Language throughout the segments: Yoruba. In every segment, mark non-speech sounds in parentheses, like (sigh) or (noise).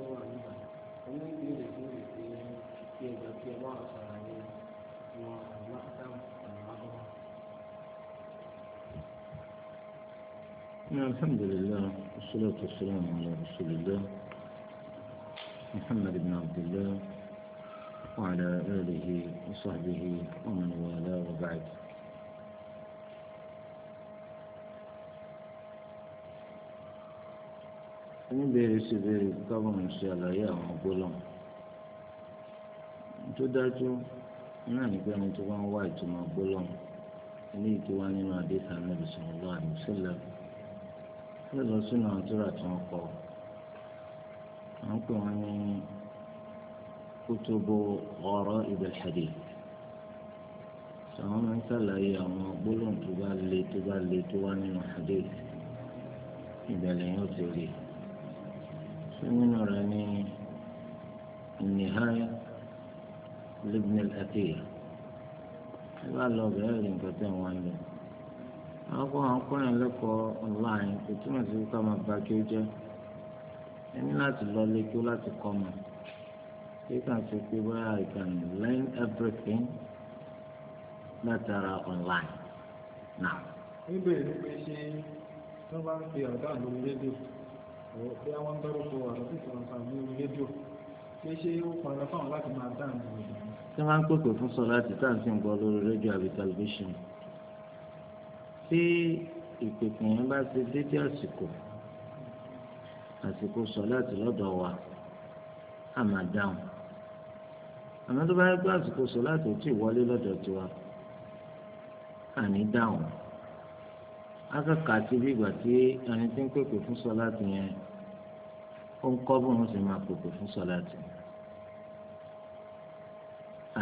tó الحمد لله والصلاة والسلام على رسول الله محمد بن عبد الله وعلى آله وصحبه ومن والاه وبعد oníbèrè sì béèrè káwọn ṣe àlàyé àwọn gbólóhùn tó dájú náà nígbà ní tí wọ́n wá ìtumọ̀ gbólóhùn eléyìí tó wá nínú àdéhà nàbì sallallahu alaihi wasallam lè lọ sínú àtúrà tí wọ́n kọ wọ́n pè wọ́n ní kútùbù gharaib al-hadith àwọn máa ń sàlàyé àwọn gbólóhùn tó bá le tó bá le tó wá nínú hadith ìbẹ̀lẹ̀ yóò ti rí i nínú rẹ̀ ní nìháyà libnil àtìyà ẹ bá lọ bẹ̀rẹ̀ rìn kẹtẹ wọn lọ àwọn kọ́ àwọn kọ́ yẹn lẹ́kọ̀ọ́ ọ̀nláìn kò túmọ̀ sí ká máa ba kí ó jẹ́ ẹ ní láti lọ lé kí ó láti kọ́ mọ̀ kí kàn ṣe pé báyà I can learn everything látara ọ̀nláìn náà. níbẹ̀ ló pé ṣé wọ́n bá ń fi ọ̀gá àgbọ̀n rédíò bí àwọn dárúkọ àti ìfọ̀nfàn ní orí rédíò pé ṣé ó padà fáwọn láti máa dá àwọn ìlú. ṣé máa ń pèpè fún sọ láti tá à ń sì ń gbọ́ lórí rédíò àbí tẹlifíṣàn tí ìpèpè yẹn bá ti dédé àsìkò àsìkò sọ láti lọ́dọ̀ wa á máa dáhùn àmọ́ tó bá yẹ pé àsìkò sọ láti ò tí ì wọlé lọ́dọ̀ tiwa àní dáhùn. akẹ́kọ̀ọ́ àti bí ìgbà tí ẹni tí ń pèpè fún sọ́láàtì yẹn ó ń kọ́ bóun sì máa pèpè fún sọ́láàtì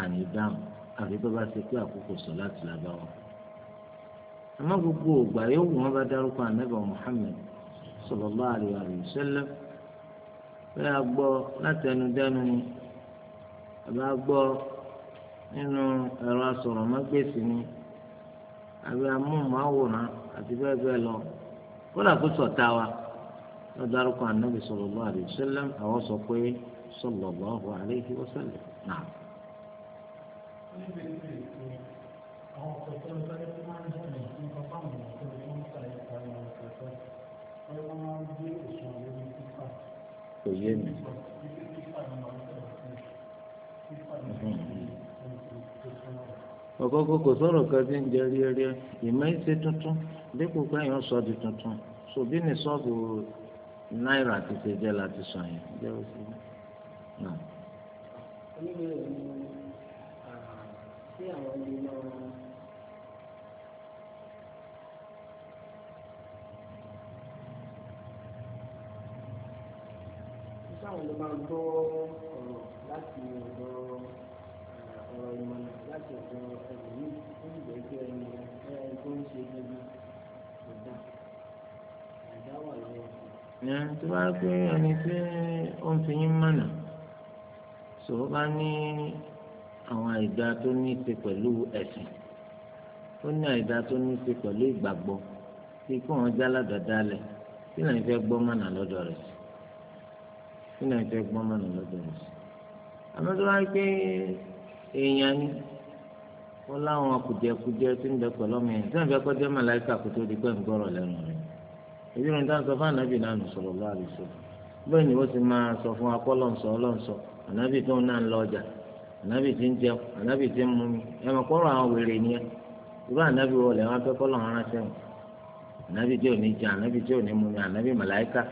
àní dáhùn àfi tó bá ṣe pé àkókò sọ́láàtì la bá àmọ́ gbogbo ògbà yóò wù wọ́n bá dárúkọ ànábà Muhammad sallallahu alaihi wasallam a gbọ́ látẹnudẹ́nu ni àbá gbọ́ nínú ẹ̀rọ ni àti bẹ́ẹ̀ bẹ́ẹ̀ lọ kódà kó sọ̀tà wa wọ́n dárúkọ ànábì sallallahu alaihi wasallam àwọn sọ pé sallallahu alaihi wasallam náà. kò yé mi. ọ̀kọ́kọ́ kò sọ̀rọ̀ kan tí ń jẹ́ rí rí ẹ̀ ìmọ̀ ìṣe tuntun dípò pé èèyàn sọ di tuntun ṣòbí ní sọ́ọ̀bù náírà ti ṣe jẹ́ láti sọ yẹn jẹ́ ó sì náà. oníbẹ̀rẹ̀ ni tí àwọn ilé náà táwọn ló máa gbọ́ tó bá pé ẹni tí ó ń fi yín mọ̀nà tó bá ní àwọn àìgbà tó ní ṣe pẹ̀lú ẹ̀sìn ó ní tó ní ṣe pẹ̀lú ìgbàgbọ́ tí kò wọn já ládàáda kí lẹ́yìn fẹ́ gbọ́ mọ̀nà lọ́dọ̀ rẹ̀ kí fẹ́ gbọ́ mọ̀nà lọ́dọ̀ rẹ̀ àmọ́ tó bá pé èèyàn ni wọ́n láwọn tí ń yẹn tí wọ́n fẹ́ rẹ̀. èyí ló ń dáhùn sọ fún ànábì náà nù sọ̀rọ̀ lọ́wọ́ àlùsọ bẹ́ẹ̀ ni wọ́n ti máa sọ fún akọ́ ọlọ́nsọ ànábì tó ń náà ọjà anabi ti ń jẹun ànábì ti ń mumi ẹ máa kọ́rọ̀ àwọn wèrè nìyẹn irú ànábì wọlé wọn fẹ́ kọ́lọ̀ wọn ránṣẹ́ wọn anabi tí ò ní jẹun tí ò ní mumi màláìka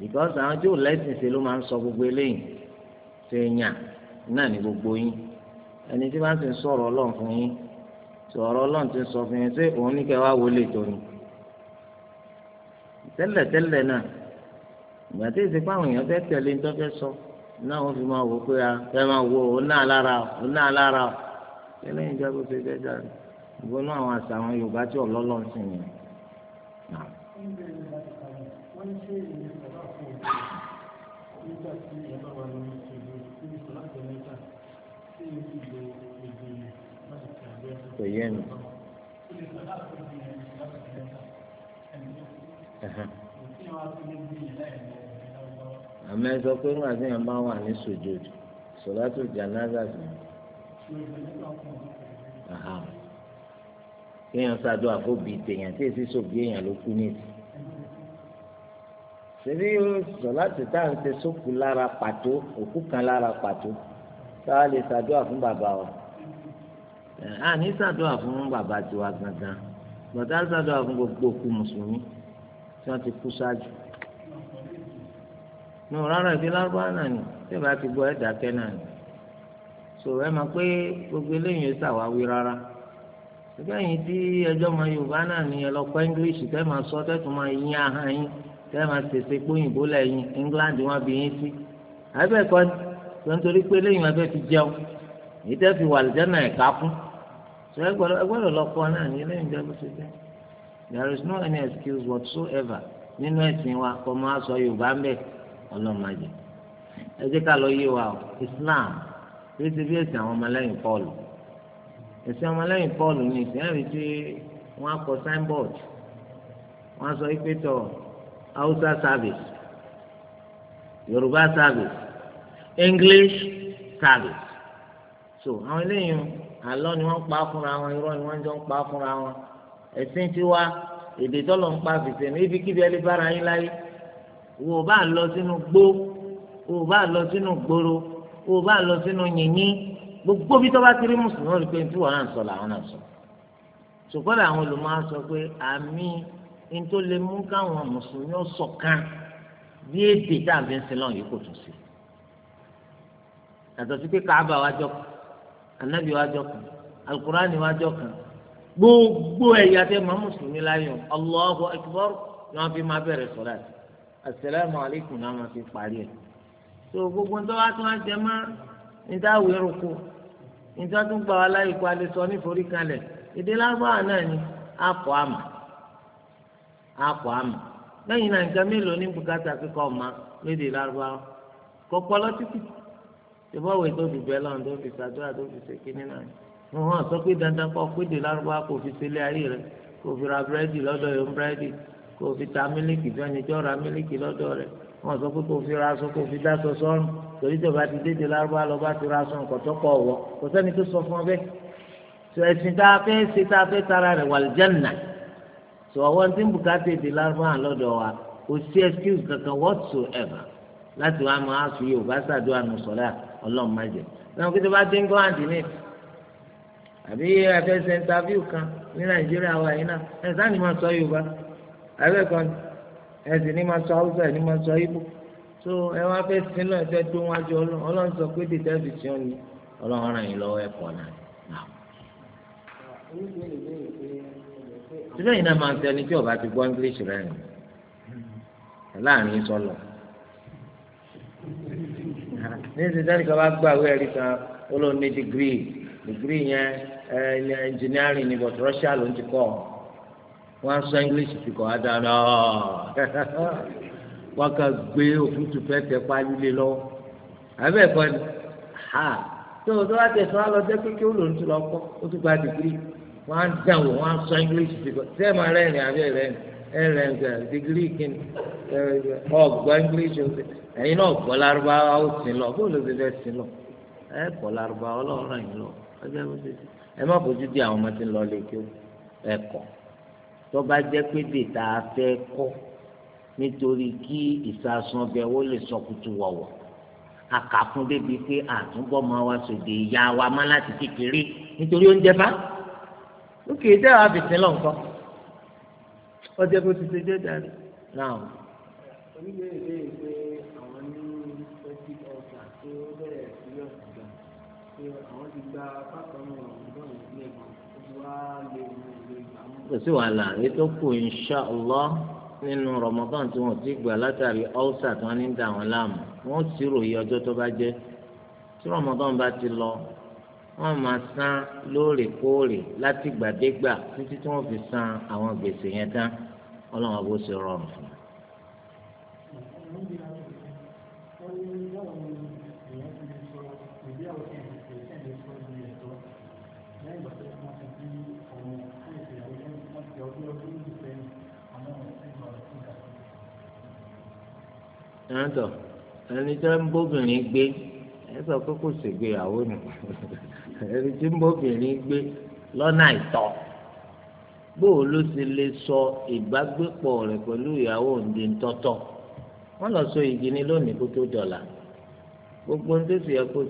because àwọn tí ò lẹ́sìn ṣe ló máa ń sọ gbogbo eléyìí ṣe gbogbo yín ẹni tí bá ń sọ̀rọ̀ ọlọ́run fún yín sọ̀rọ̀ ọlọ́run ti sọ fún tẹ́lẹ̀tẹ́lẹ̀ náà ìgbà tí ìsìnkú àwọn èèyàn fẹ́ tẹ̀lé tọ́fẹ́ sọ náà wọ́n fi máa wò pé a fẹ́ máa wo òun náà lára òun náà lára ṣe fẹ́ àwọn àṣà àwọn Yorùbá tí ọlọ́lọ́ ń sìn yẹn. kò àmọ́ ẹ sọ pé ńgbà tí yẹn bá wà ní sojoojú sọ̀látù jànáza sí i kéèyàn ṣàdó àfọ́bì tèèyàn tí èsì sòbí èèyàn ló kú ní ìsìn ṣebí sọ̀látù tá à ń ṣe sókù lára pàtó òkú kan lára pàtó tá a lè ṣàdúrà fún bàbá wa a ní ṣàdúrà fún bàbá tiwa gangan gbọ̀dá ṣàdúrà fún gbogbo òkú mùsùlùmí tí wọ́n ti kú ṣáájú. nù rárá ibi lárúbáwá náà ni tẹ́ bá ti gbọ́ ẹ̀ dákẹ́ náà ni so ẹ mọ̀ pé gbogbo eléyìí ṣàwáwí rárá ṣùgbọ́n ẹ̀yin tí ẹjọ́ ọmọ Yorùbá náà ni English tẹ́ máa sọ tẹ́ máa yín ahọ́n yín tẹ́ máa pé òyìnbó lẹ́yìn England wọn bí yín sí àbẹ̀kọ́ tó ń torí pé eléyìí wọn fẹ́ jẹun èyí tẹ́ fi wà lẹ́jẹ́ náà ẹ̀ka fún ẹ gbọ́dọ̀ náà there is no any excuse whatsoever nínú ọlọ́run má jẹ ẹ jẹ́ ká lọ yé wa o islam kìí ṣe bí ẹ̀sìn àwọn ọmọlẹ́yìn pọ́ọ̀lù ẹ̀sìn ọmọlẹ́yìn pọ́ọ̀lù ni ìsìn ẹ̀rí tí wọ́n á kọ signboard wọ́n á sọ pé tọ̀ hausa service yorùbá service english service so àwọn eléyìí àlọ́ ni wọ́n pa fúnra wọn irọ́ ni wọ́n jọ ń pa fúnra wọn ẹ̀sìn tiwa èdè tọ́lọ̀ ń pa fìṣẹ́ ní ibikíbi ẹlẹ́bára yín láyé wò bá lọ sínú gbó wò bá lọ sínú gbòòrò wò bá lọ sínú yìnyín gbogbo bí tó bá ti rí mùsùlùmí rí pé tí wọn náà sọ làwọn náà sọ ṣùgbọ́n àwọn olùmọ̀ á sọ pé àmì ntó lè mú káwọn mùsùlùmí ọ̀sọ̀kan bí èdè dàbí ń yìí kò tún sí yàtọ̀ sí pé káàbà wájọ kan anabi wájọ kan alukurani wájọ kan gbogbo ẹ̀yà tẹ mọ́ mùsùlùmí láyọ̀ Allahu akbar ni wọ́n fi máa bẹ̀rẹ̀ sọ̀rọ̀ àti asalaamu alaykum náà máa fi parí ẹ̀ tó gbogbo nítorí wàá tún á jẹ mọ́ níta wérò kù níta tún gbà wá láyé kó a lè sọ níforí kalẹ̀ èdè lágbára náà ni àpò àmà àpò àmà lẹ́yìn náà nǹkan mélòó ní bùkátà kíkọ́ ọ̀ma lédè lárúbáwá kọ́kọ́ lọ́tìkì ìbọ̀wé tó fi bẹ́ẹ̀ lọ́run tó fi ṣàdúrà tó fi ṣe kínní náà ni wọ́n sọ pé dandan kọ́ pédè lárúbáwá kò fi ṣe ilé ayé rẹ̀ kò fi ra búrẹ́dì lọ́dọ̀ yòó búrẹ́dì kó o fi ta mílíkì fẹ́ni tí ó ra mílíkì lọ́dọ̀ rẹ̀ wọ́n sọ pé kó o fi ra aṣọ kó o fi dáṣọ sọ́rùn torí tó bá ti dédé lárúbá lọ bá ti ra aṣọ nǹkan tó kọ̀ wọ́ kò sẹ́ni tó sọ fún ọ bẹ́ẹ̀ sọ ẹ̀sìn tá a fẹ́ ṣe tá a fẹ́ tara rẹ̀ wàlìjẹ́nà sọ àwọn tí ń bùkátà èdè lárúbá lọ́dọ̀ wa kò sí excuse kankan whatsoever láti wá máa fi yorùbá ṣàdúrà nù sọ́lá ọlọ́run má jẹ àbí ẹ fẹ́ ṣe kan ní nàìjíríà wa yìí náà ẹ̀ sáà ni máa sọ yorùbá abẹ́ẹ̀kan ẹ̀sìn ní máa sọ haúsá ẹ̀ ní máa sọ ibò tó ẹ wá fẹ́ sin náà ẹ̀fẹ́ tó wájú ọlọ́run sọ pé dèjà fi sí ọ ni ọlọ́run ràn yín lọ́wọ́ ẹ̀kọ́ náà. síbẹ̀ yìí náà máa ń tẹni tí ọba ti gbọ́ english rẹ̀ rìn láàrin sọlọ. ní ìsinsìnyí kan bá gbàgbé ẹ̀rí kan ó lóun ní dìgírì dìgírì ni but Russia ti wọ́n á sọ english ti kọ́ á dáná (laughs) wọ́n kà gbé òkútu pẹ́tẹ́ pálí lé lọ́wọ́ àbẹ́ ẹ̀kọ́ ni ha tó o tó wá tẹ̀sán á lọ jẹ́ pé kí ó lòún ti lọ kọ́ ó ti gba dìgírì wọ́n á dàn wò wọ́n á sọ english ti kọ́ tẹ́ ẹ̀ máa rẹ́rìn àbẹ́ rẹ́rìn ẹ̀rẹ̀ ǹgbà dìgírì kìíní ọ̀gbọ́ english ẹ̀yin náà gbọ́ lárúbáwá ó sin lọ bó ló ti fẹ́ sin lọ ẹ̀ gbọ́ lárúbáwá ọlọ́run ràn yín lọ ọjọ́ ẹ̀ má fojú di àwọn ọmọ tí ń lọ lé kí ó ẹ̀ tó bá jẹ́ pé dèta fẹ́ kọ́ nítorí kí ìsasùn ọbẹ̀ wo lè sọkùtù wọ̀wọ̀ àkàkùn débi pé àtúbọ̀ máa wá sòdè ìyá wa má láti kékeré nítorí oúnjẹ bá ó kì í bìtín lọ ọjọ́ bó ti ṣe jẹ́ dàrí àwọn ti gba kò sí wàhálà ètò kù insha Allah nínú Ramadan tí wọ́n ti gbà látàrí ulcer tí wọ́n ní dà wọ́n láàmú wọ́n sì ròyìn ọjọ́ tó bá jẹ́ tí Ramadan bá ti lọ wọ́n máa san lóòrèkóòrè láti gbàdégbà títí tí wọ́n fi san àwọn gbèsè yẹn tán Ọlọ́run àbó rọrùn fún un. ẹ̀ńtọ̀ ẹni tí wọ́n ń bóbìnrin gbé ẹ sọ pé kò ṣègbéyàwó ẹni tí bóbìnrin gbé lọ́nà ìtọ bóò ló ti lè sọ ìbágbépọ̀ rẹ̀ pẹ̀lú ìyàwó òǹdè ńtọ́tọ̀ wọ́n lọ sọ igi ní lónìí kó tó dọ̀là gbogbo ń tó sì yẹ kó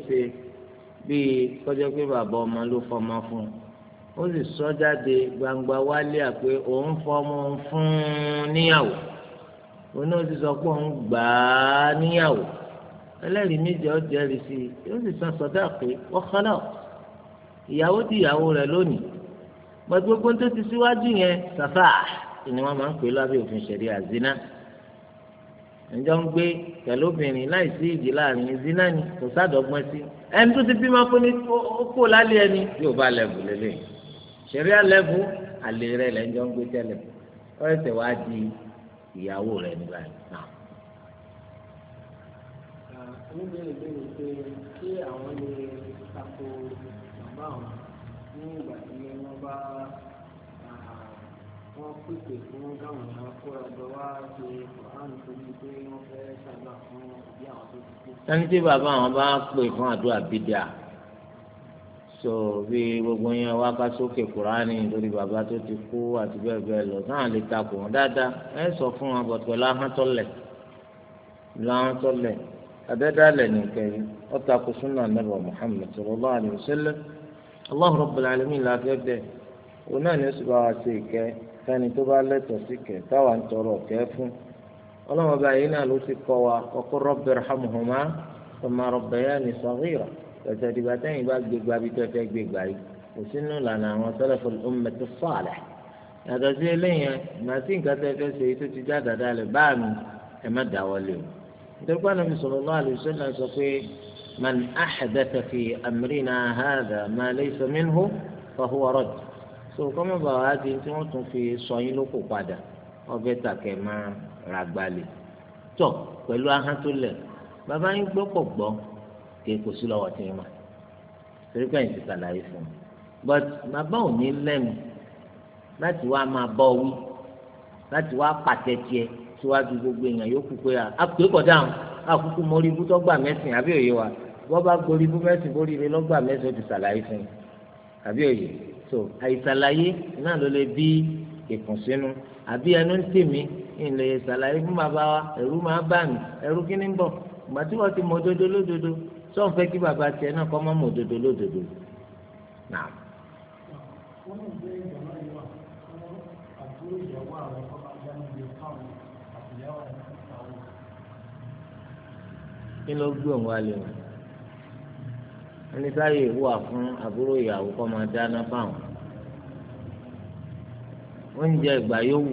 fọmọ fún ó sì sọ jáde gbangba wálé àpé òun náà ti sọ pé òun gbà á níyàwó ẹlẹ́rìí méje ó jẹ́rìí sí i yóò sì san sọ́dá pé wọ́n ìyàwó di ìyàwó rẹ̀ lónìí gbogbo tó ti síwájú yẹn sàfà ni wọ́n máa ń pè lábẹ́ òfin ṣẹ̀rí àzínà ǹjọ́ ń gbé pẹ̀lú obìnrin ìdí láàrin zínà ni kò sádọ́gbọ́n sí ẹni tó ti bímọ fún ni ó kó lálé ẹni yóò bá lẹ́bù lélẹ̀ ṣẹ̀rí àlẹ́bù àlè rẹ̀ lẹ́jọ́ ń gbé tẹ́lẹ̀ ọ̀rẹ́sẹ̀ wá di ìyàwó rẹ̀ nígbà yìí náà. oníbèrè bèrè pé kí àwọn lè tako bàbá àwọn ní ìgbà tí wọ́n bá wọ́n pèsè fún káwọn èèyàn kóra jọ wá ṣe kòránù torí pé wọ́n fẹ́ ṣàdúrà fún òbí àwọn tó ti kú. ẹni tí bàbá àwọn bá pè fún àdúrà bídíà so bí gbogbo yẹn wá ká sókè kúránì lórí bàbá tó ti kú àti bẹ́ẹ̀ bẹ́ẹ̀ lọ náà lè takò wọn dáadáa ẹ sọ fún wọn bọ̀ pẹ̀lú ahọ́n tọ́lẹ̀ pẹ̀lú ahọ́n tọ́lẹ̀ àdẹ́dàlẹ̀ nìkan yìí ó takò súnà nàbà Muhammad sallallahu alaihi wasallam Allah Rabbul alamin làáfẹ́ bẹ́ẹ̀ òun náà ní oṣù bá wa ṣe ìkẹ́ sani tó bá lẹ́tọ̀ọ́ sí kẹ́ táwa ń tọrọ ọ̀kẹ́ fún ọlọ́mọba yìí náà ló ti kọ́ wa ọkọ Rabbi irhamhuma kama rabbayani saghira tọ̀tọ̀ dìgbà tẹ́yìn bá gbégbá bí tọ́tẹ́ gbégbá yìí kò sínú ìlànà àwọn sọ́lẹ̀fọ̀ ummati salih yàtọ̀ sí eléyẹn ìgbà tí nǹkan tẹ́ fẹ́ ṣe tó ti já dàda lẹ̀ báà mi ẹ̀ má dáwọ́lé o nítorí pé Ànábì sallallahu alaihi wasallam sọ pé man ahdatha fi amrina hadha ma laysa minhu fa huwa radd so kọ́mọ̀ bàbá wa di tí wọ́n tún fi sọ lóko padà ọbẹ̀ tàkẹ́ máa ràgbálẹ̀ tọ̀ pẹ̀lú ahọ́n tó lẹ̀ bàbá yín gbọ́ pọ̀ gbọ́ kéèkó sí lọ́wọ́ tí ń mọ̀ torí ṣàlàyé fún un but bàbá ò ní lẹ́nu láti wá máa bọ́ wí láti wá pàtẹ tiẹ̀ síwájú gbogbo èèyàn yóò kú pé àpèkọ̀ dáhùn àkúkú mọ́rí ibú tó gbà mẹ́sìn àbí òye wa bọ́ bá gborí ibú mẹ́sìn bórí ilé lọ́gbà mẹ́sìn ó ti ṣàlàyé fún un àbí òye so àìṣàlàyé náà ló lè bí ìkùnsínú àbí ẹnu ń tì mí ìlẹ̀ ìṣàlàyé fún bàbá wa ẹ̀rú máa bá mi ẹ̀rú kí ni ń bọ̀ gbàtí wọ́n ti mọ òdodo lódodo tó ń fẹ́ kí bàbá tiẹ̀ náà kọ́ mọ́ mọ́ òdodo lódodo náà. kí ló gbé òun wá lé wọn ẹni sáyé wà fún àbúrò ìyàwó kọ́ máa dáná fáwọn oúnjẹ ìgbà yòówù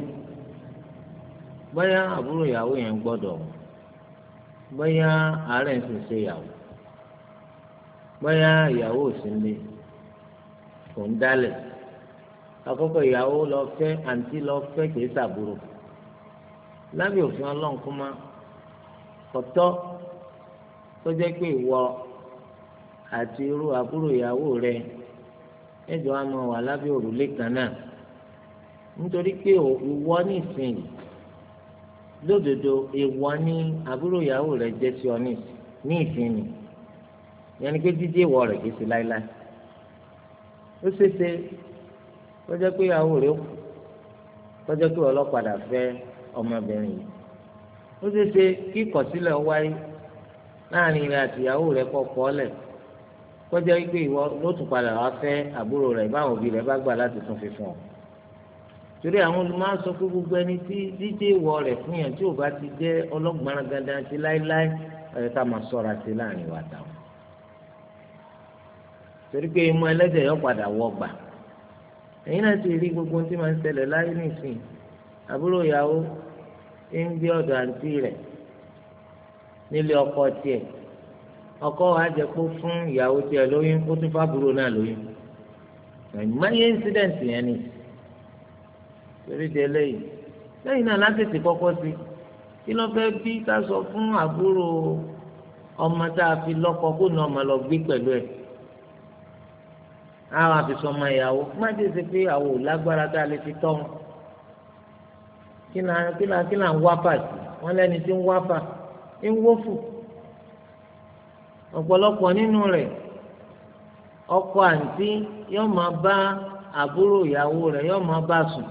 bóyá àbúrò ìyàwó yẹn gbọ́dọ̀ bóyá àárẹ̀ ń ṣiṣẹ́ ìyàwó bóyá ìyàwó òsínlẹ̀ kò ń dálẹ̀ àkọ́kọ́ ìyàwó lọ fẹ́ àǹtí lọ fẹ́ kìí sàbúrò lábẹ́ òfin ọlọ́run kó má kọ́tọ́ tó jẹ́ pé ìwọ àti irú àbúrò ìyàwó rẹ ẹjọ́ á máa wà lábẹ́ òrùlé kan náà nítorí pé ìwọ nísìnyí lódodo ìwọ ní àbúrò ìyàwó rẹ jẹ́ sí ọ ní ìsìn yẹn ni pé jíjí ìwọ rẹ̀ kìí ṣe láéláé ó ṣeéṣe kọjá pé ìyàwó rẹ̀ kù kọjá pé ọlọ́padà fẹ́ ọmọbìnrin yìí ó ṣeéṣe kí ìkọ̀sílẹ̀ wáyé láàrin rẹ̀ àti ìyàwó rẹ̀ kọ́ kọ́lẹ̀ kọjá pé ìwọ ló tún padà wá fẹ́ àbúrò rẹ̀ báwọn òbí rẹ̀ bá gbà láti tún fi fún ọ torí àwọn olùmọ̀ọ́ sọ pé gbogbo ẹni tí dídé ìwọ rẹ̀ fún yàn tí ò bá ti jẹ́ ọlọ́gbọ̀n torí pé imú ẹlẹ́dẹ̀ yọ padà wọ gbà ẹ̀yin náà ti rí gbogbo ohun tí máa ń ṣẹlẹ̀ láyé nìsín àbúrò ìyàwó ti ń gbé ọ̀dọ̀ àǹtí ọkọ tiẹ̀ ọkọ wa jẹ kó fún ìyàwó tiẹ̀ lóyún ó tún fábúrò náà lóyún ẹ̀yìnmáyé incident yẹn ni torí de lẹ́yìn lẹ́yìn náà látètè kọ́kọ́ sí kí ló fẹ́ bí ká sọ fún àbúrò fi lọ́kọ kó ní ọmọ lọ gbé pẹ̀lú ẹ̀. àwọn àfisọmọ ìyàwó má ti ṣe pé àwọn ò lágbára tá a lè fi tọ́ wọn kí là kí là kí là ń wá sí wọn lẹ́ni tí ń ń wófù ọ̀pọ̀lọpọ̀ nínú rẹ̀ ọkọ àǹtí yóò máa bá àbúrò ìyàwó rẹ̀ yóò máa bá sùn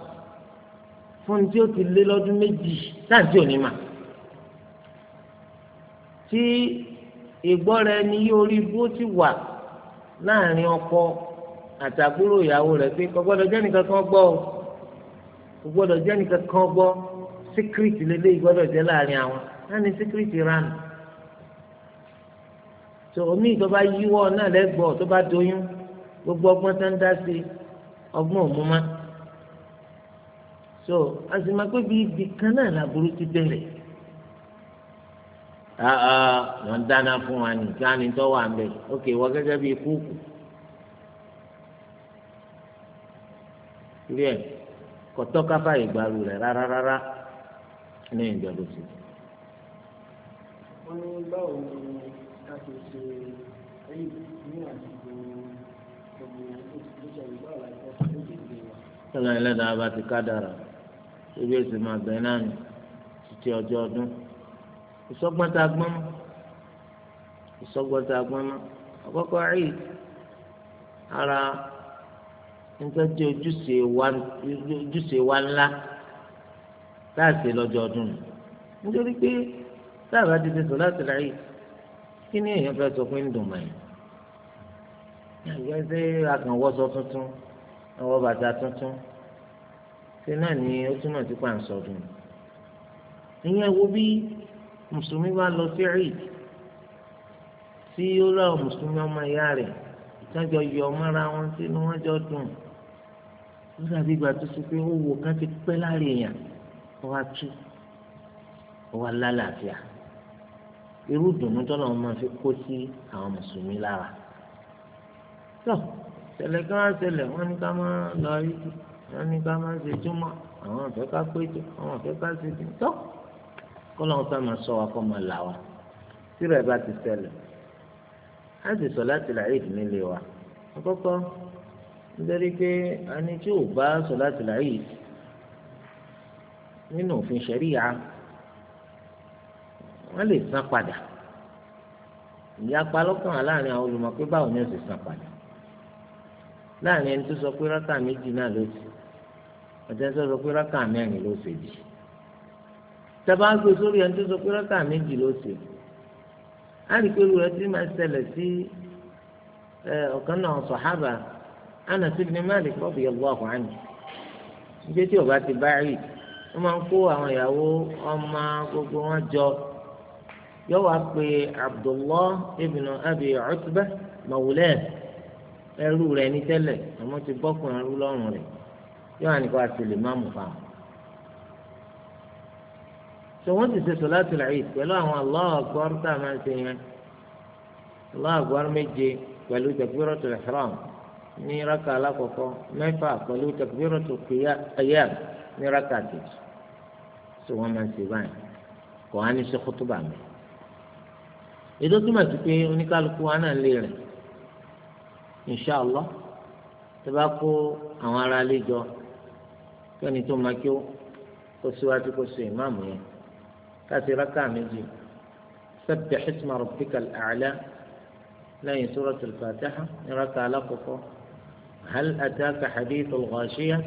fún tí ó ti lé lọ́dún méjì táǹtí ò mà tí yóò rí bó ti ọkọ àtàkùrò ìyàwó rẹ̀ pé kò gbọ́dọ̀ jẹ́ nìkan kan gbọ́ o kò gbọ́dọ̀ jẹ́ nìkan kan gbọ́ síkírìtì lélẹ́yìí gbọ́dọ̀ jẹ́ láàrin àwọn náà ní síkírìtì ránù tó omi tó bá yíwọ́ náà lẹ́gbọ́ tó bá doyún gbogbo ọgbọ́n tó ń dá sí ọgbọ́n òmùmá so àsìmọ́ pé bí ibi kan náà làbúrú ti bẹ̀rẹ̀ àà ah, ah, wọ́n dáná fún wa nìkan ni tó wà ń bẹ̀ ókè wọ́n kúkú. rí ẹ̀ kọ̀tọ́ káfá ìgbàlù rẹ̀ rárá rárá ní ìjọba sí. wọ́n ní báwo ni a ti ṣe èyí ní àsìkò gbogbo ìṣẹ̀lẹ̀ na àìsàn ní ìdílé wa. sọlá ẹlẹ́dàá bá ti ká dára ebi èsì máa bẹ̀ náà títí ọjọ́ ọdún ìsọgbọ́n tá a gbọ́n mọ́ ìsọgbọ́n tá níta jẹ́ ojúṣe wa ńlá láàṣẹ lọ́jọ́ ọdún nù nítorí pé sáàbà ti ṣe sọ̀láṣẹ̀ láàyè kí ni èèyàn fẹ́ sọ pé ń dùn mọ́ẹ̀ àgbẹ̀ ṣe akànwọ́sọ tuntun àwọn bàtà tuntun ṣe náà ni ó túmọ̀ sí pàǹsọ̀dùn ìyẹn wo bí mùsùlùmí bá lọ sí rí tí ó lọ mùsùlùmí ọmọ ìyá rẹ̀ wọ́n jọ yọ mọ́ra wọn sínú wọ́n jọ dùn ó dàbí ìgbà tó ṣe pé ó wò kán ti pẹ́ láàrin èèyàn ó wá tú ó wá lálàáfíà irú ìdùnnú tọ́lọ̀ wọn máa fi kó sí àwọn mùsùlùmí lára tó ṣẹlẹ̀ kí wọ́n ṣẹlẹ̀ wọ́n ní ká máa lọ rí wọ́n ní ká máa ṣe túmọ̀ àwọn ọ̀fẹ́ ká pé tó àwọn ọ̀fẹ́ ká ṣe tó kọ́ lọ́wọ́ fẹ́ máa sọ wa kọ́ máa là wa tí rẹ̀ bá ti ṣẹlẹ̀ á sì sọ láti làáyéèdì nílé wa àkọ́kọ́ nítorí pé ẹni tí ò bá sọ láti làáyéèdì nínú òfin ṣẹ̀ríya wọ́n lè san padà ìyapa lọ́kàn láàrin àwọn olùmọ̀ pé báwo ni ó sì san padà láàrin ẹni tó sọ pé rákà méjì náà ló àti ẹni tó sọ pé rákà mẹ́rin ló gbé sórí ẹni tó sọ pé rákà méjì ló alùpùpù rẹ̀ ti máa ṣẹlẹ̀ sí ọ̀kan náà sọ̀hábà Anas ibn Malik radiyallahu anhu ibi tí ọba ti báyìí wọ́n máa ń kó àwọn ìyàwó ọmọ gbogbo wọn jọ yóò wá pé Abdullah ibn Abi Utbah mawlaa ẹrú rẹ̀ ní tẹ́lẹ̀ àmọ́ ti bọ́kùnrin arú lọ́rùn rẹ̀ yóò wá nípa àti lè má mú fáwọn so wọ́n ti ṣe sọ̀láàtì làyè pẹ̀lú àwọn Allahu Akbar tá a máa ń ṣe yẹn Allahu Akbar méje pẹ̀lú takbiratul ihram ní raka alákọ̀ọ́kọ́ mẹ́fà pẹ̀lú takbiratul qiyam ní raka kejì so wọ́n máa ń ṣe báyìí kò á ní ṣe kútúbà mi. èdè túmọ̀ sí pé oníkálukú wa náà lè rìn inṣàlá tó bá kó àwọn ará ilé jọ kẹ́ni tó máa kí ó kó síwájú kó تاتي ركام يجي سبح اسم ربك الاعلى لين سوره الفاتحه ركع لقفه هل اتاك حديث الغاشيه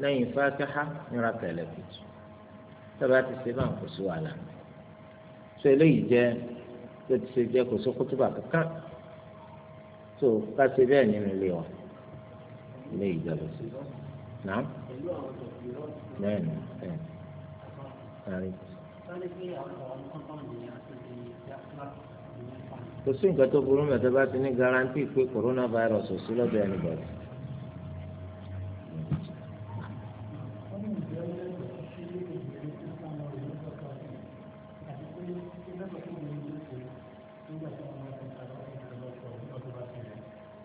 لين فاتحه ركع لفيت تبعت السيفان فسؤالا سيلي جاء قد سيجاك وسقط بعد كان سو قاسبين من اليوم لي جلسي نعم نعم نعم نعم kò sí nǹkan tó burú mẹ́tọ́ bá ti ní garanti pé coronavirus ò sí lọ́dọ̀ ẹnìbọ̀dì.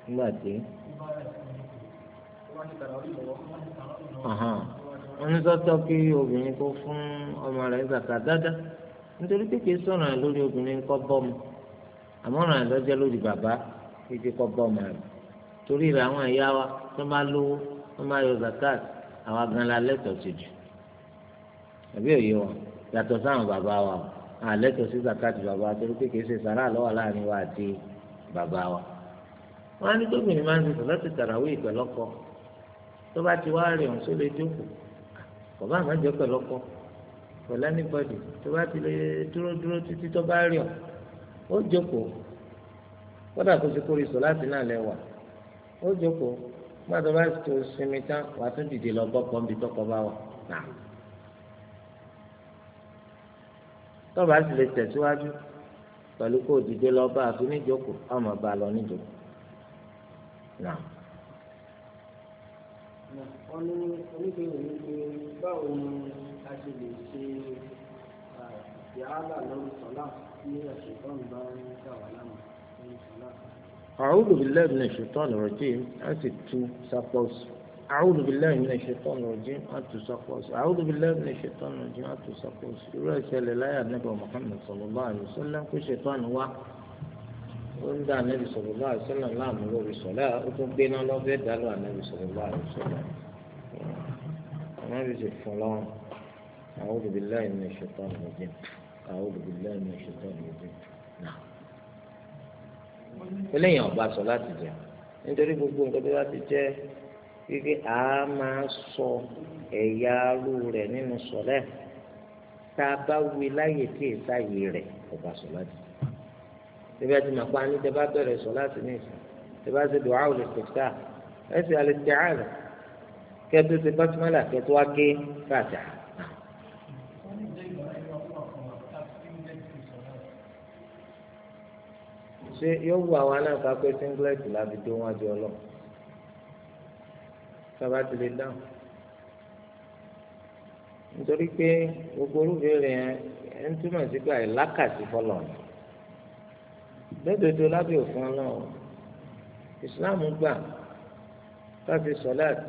nígbà tí. onítọ́tọ́ kí obìnrin kó fún ọmọ rẹ̀ zàkà dáadáa nítorí pé kìí sọ̀rọ̀ ẹ̀ lórí obìnrin kọ́ bọ́ọ̀mù àmọ́ ọ̀rọ̀ ẹ̀ lọ́jọ́ lórí bàbá kíkí kọ́ bọ́ọ̀mù rẹ̀ torí rẹ̀ àwọn ẹ̀yà wa tó máa lówó tó máa yọ zakat àwọn gan la lẹ́tọ̀ọ́ sí jù àbí òye wọn yàtọ̀ sáwọn bàbá wa o àlẹ́tọ̀ọ́ sí zakat bàbá torí pé kìí ṣe sàrà lọ́wọ́ láàrin wa àti bàbá wa wọn á ní tóbi ní máa ń ṣe sọ bàbá àmọ́ jẹ́ pẹ̀lú ọkọ pẹ̀lú anybody tó bá ti lè dúró dúró títí tó bá rí ọ ó jókòó kódà kó ti kórè sọ láti náà lẹ́wà ó jókòó nígbà tó bá tó sinmi tán wàá tún dìde lọ bọ́pọ̀ níbi tọkọ bá wà náà tọ́ba sì lè tẹ̀síwájú pẹ̀lú kó dìde lọ bá àfi ọmọ bá lọ níjókòó náà wọ́n ní oníbèrè ní báwo ni a ṣe lè ṣe yàrá lórí sọ́lá tí àṣetán bá ń gbà wá lánàá lórí sọ́lá. أعوذ بالله من الشيطان الرجيم أتتو ساقوس أعوذ بالله من الشيطان الرجيم أتتو ساقوس أعوذ بالله من الشيطان الرجيم أتتو ساقوس يقول لا يا محمد صلى الله عليه وسلم كل شيطان واحد ó ń dá anabi sallallahu alaihi wasallam láàmú lórí sọlá ó tún gbéná lọ́fẹ́ dálọ́ anabi sallallahu alaihi wasallam anabi sì fún lọ́rùn a'udhu billahi minash shaitani rajim a'udhu billahi minash shaitani rajim náà. eléyìí ọba sọ láti jẹ nítorí gbogbo nǹkan tó bá jẹ wípé a máa sọ ẹ̀yà arú rẹ̀ nínú sọlẹ̀ tá a bá wí láyè tí èsáyè rẹ̀ ọba sọ láti jẹ tẹ́bí àti màpá ní tẹ́ bá bẹ̀rẹ̀ sọ láti ní ìsìn tẹ́ bá ṣe dùn áwòlè pẹ̀tà ẹ̀ sì alẹ́ ti àárẹ̀ kẹ́tù ṣe bátúmọ́là kẹ́tù wá ké fàtà. ṣé yóò wù àwọn aláǹfà pé singlet láti dó wọn jọ lọ sábà ti lè dáhùn nítorí pé gbogbo olúbẹ̀rẹ̀ yẹn ń túmọ̀ sí pé àìlákàtì fọlọ́ọ̀nù lódodo lábẹ́ òfin ọlọ́run islam gbà káfí sọláàtì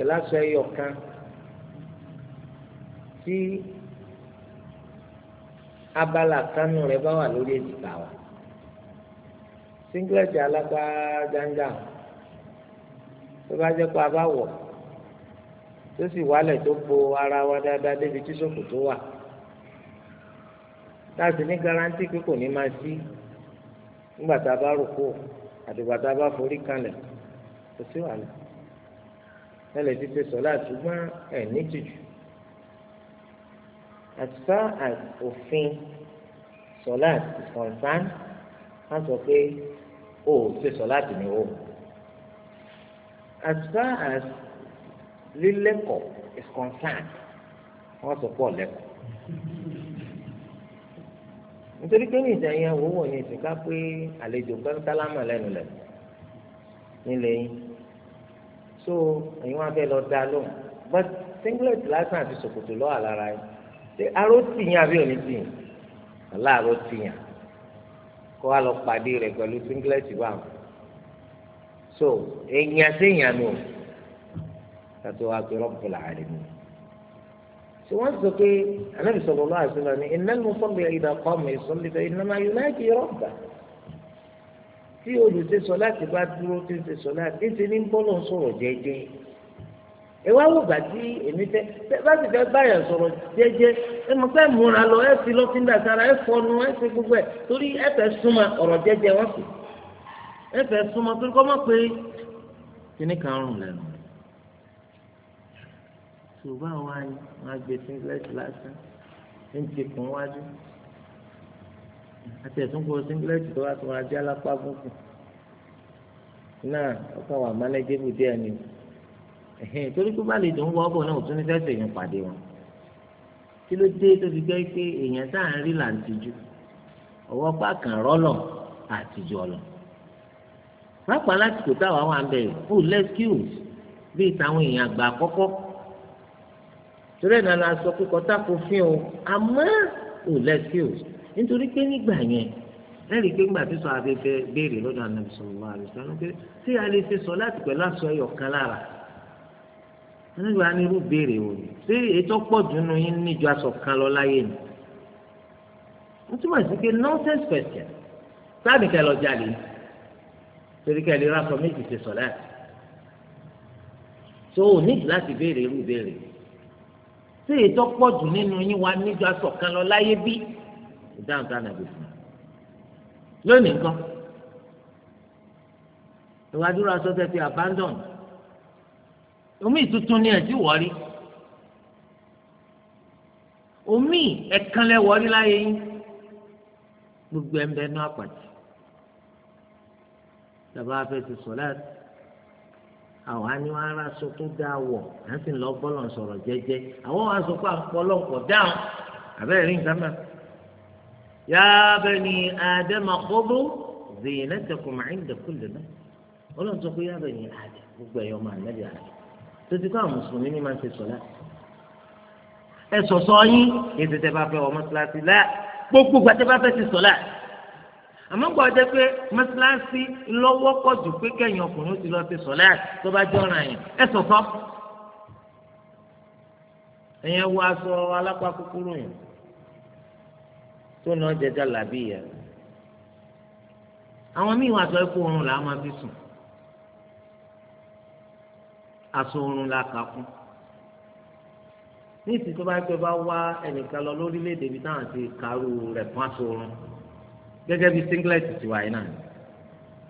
ìlàsọ ẹyọ kan tí abala kánú rẹ bá wà lórí èjìká wa singlẹti alápá dáńdá tó bá jẹ́ pé a bá wọ̀ tó sì wálẹ̀ tó bo ara wa dáadáa débi tí sòkòtò wà láti ní garanti pé kò ní máa sí nígbà tá a bá rò kó àdìgbà tá a bá forí kalẹ̀ kò sí wàhálà lẹ́lẹ̀ ti ṣe sọ̀lá àtúgbọ́n ẹ̀ nítìjú as far as òfin sọ̀lá is concerned wọ́n sọ pé o ò ṣe sọ̀lá àtìní o as far as lílẹ́kọ̀ọ́ is concerned wọ́n sọ pé ọ̀lẹ́kọ̀ọ́ nítorí pé ní ìjà yẹn wò wọ̀ ní ìsìnká pé àlejò pẹ́ tálámà lẹ́nu lẹ̀ nílé yín so ẹ̀yin wọn abẹ́ lọ da lóhùn but singlet lásán àti ṣòkòtò lọ́wọ́ lára yín ṣé aró tì yín àbí òní tì yín ọ̀la aró tì yín kó wa lọ pàdé rẹ̀ pẹ̀lú singlet wà so èèyàn sí èèyàn nù kátó wa pé rọ́pùlà àlè mi wọ́n sọ pé anabi sọ̀rọ̀ lọ́wọ́ àti sọ̀rọ̀ ni iná ló sọ̀rọ̀ ìdá kọ́ mi sọ̀rọ̀ ìdá iná máa yọ láti rọ́bà tí olùṣe sọ láti bá dúró tí ń ṣe sọ láti ń ṣe ní bọ́lọ̀ sọ̀rọ̀ jẹ́jẹ́ ẹ wá wò gbà tí èmi fẹ́ bá ti fẹ́ báyà sọ̀rọ̀ jẹ́jẹ́ ẹ mọ̀ fẹ́ múra lọ ẹ fi lọ́fíńdà sára ẹ fọnu ẹ ṣe gbogbo ẹ torí ẹ fẹ́ súnmọ́ ọ̀rọ̀ jẹ́jẹ́ wọ́n ṣùgbọ́n àwọn àyè wọn á gbé singlet lásán ń ti kùn wájú àti ẹ̀sùn kó singlet tó wá tó wá jẹ́ alápá gúngùn náà ọkàn wà mánẹ́gẹ́bù díẹ̀ ni ẹ̀hìn torí pé bá lè dùn wọ́ bọ̀ náà ò tún ní fẹ́ sèyàn pàdé wọn kí ló dé tó fi gbẹ́ pé èèyàn tá à ń rí là ń tijú ọwọ́ pàkàn rọ́lọ̀ àtijọ́ lọ pápá lásìkò táwa wà ń bẹ̀rẹ̀ full excuse bíi táwọn èèyàn àgbà àkọ́kọ́ torí ẹ̀ náà la sọ pé kọ́tà kò fi hàn àmọ́ ò lẹ́sí o nítorí pé nígbà yẹn lẹ́rìí pé nígbà tí sọ afẹ́fẹ́ béèrè lọ́dọ̀ Ànábì sallallahu alaihi wasallam pé tí a lè ṣe sọ láti pẹ̀lú aṣọ ẹyọ kan lára nínú wa ní irú béèrè o ṣé ètò pọ̀ dùnú yín níjọ aṣọ kan lọ láyé ni wọ́n túmọ̀ sí pé nonsense question sáàbì kẹ́ lọ jalè torí kẹ́ lè rásọ méjì ṣe sọ láti tó o nídìí láti béèrè irú béèrè yìí ṣé ètò pọ̀jù nínú yín wa níjọ aṣọ kan lọ láyé bí ìdáhùn tá a nàbì fún un lónìí nǹkan ìwádúró aṣọ tẹ fi abandon omi ìtútù ni ẹ̀jú wọ́rí omi ẹ̀kanlẹ̀ wọ́rí láyé yín gbogbo ẹ̀ ń bẹ́ẹ̀ nú àpàtì tàbá fẹ́ ti sọ̀ láti àwọn á ní wọn ara sọ tó dá wọ à ń sì lọ bọ́lọ̀ sọ̀rọ̀ jẹ́jẹ́ àwọn wa sọ pé à ń pọlọ́ pọ̀ dáhùn àbẹ́rẹ́ rí nǹkan mọ́. yá bani adama khudhu zinatakum 'inda kulli náà ọlọ́run sọ pé yá bani adama gbogbo ẹ̀yọ́ máa nẹ́bí àná tó ti kọ́ àwọn mùsùlùmí ní máa ń ṣe sọ́lá ẹ sọ̀sọ́ yín ètò tẹ bá fẹ́ wọ mọ́ṣáláṣí lá gbogbo gbàtẹ́ bá fẹ́ ti sọ́lá àmọ́ gbọ́ jẹ́ pé mọ́sálásí lọ́wọ́ pọ̀ jù pé kẹ́yìn ọkùnrin ó ti lọ sí sọ̀lẹ́ tó bá jẹ́ ọ̀ràn yẹn ẹ sọ̀tọ́. ẹ̀yẹn wo aṣọ alápá kúkúrú yẹn tó náà jẹjá làbí yẹn. àwọn míì wàá sọ pé oorun làá máa fi sùn aṣọ oorun la kà fún ní ìsìn tó bá pẹ́ bá wá ẹnìkan lọ lórílẹ̀‐èdè ibi táwọn ti kàrú rẹ̀ fún aṣọ oorun gẹ́gẹ́ bí singlet ti wáyé náà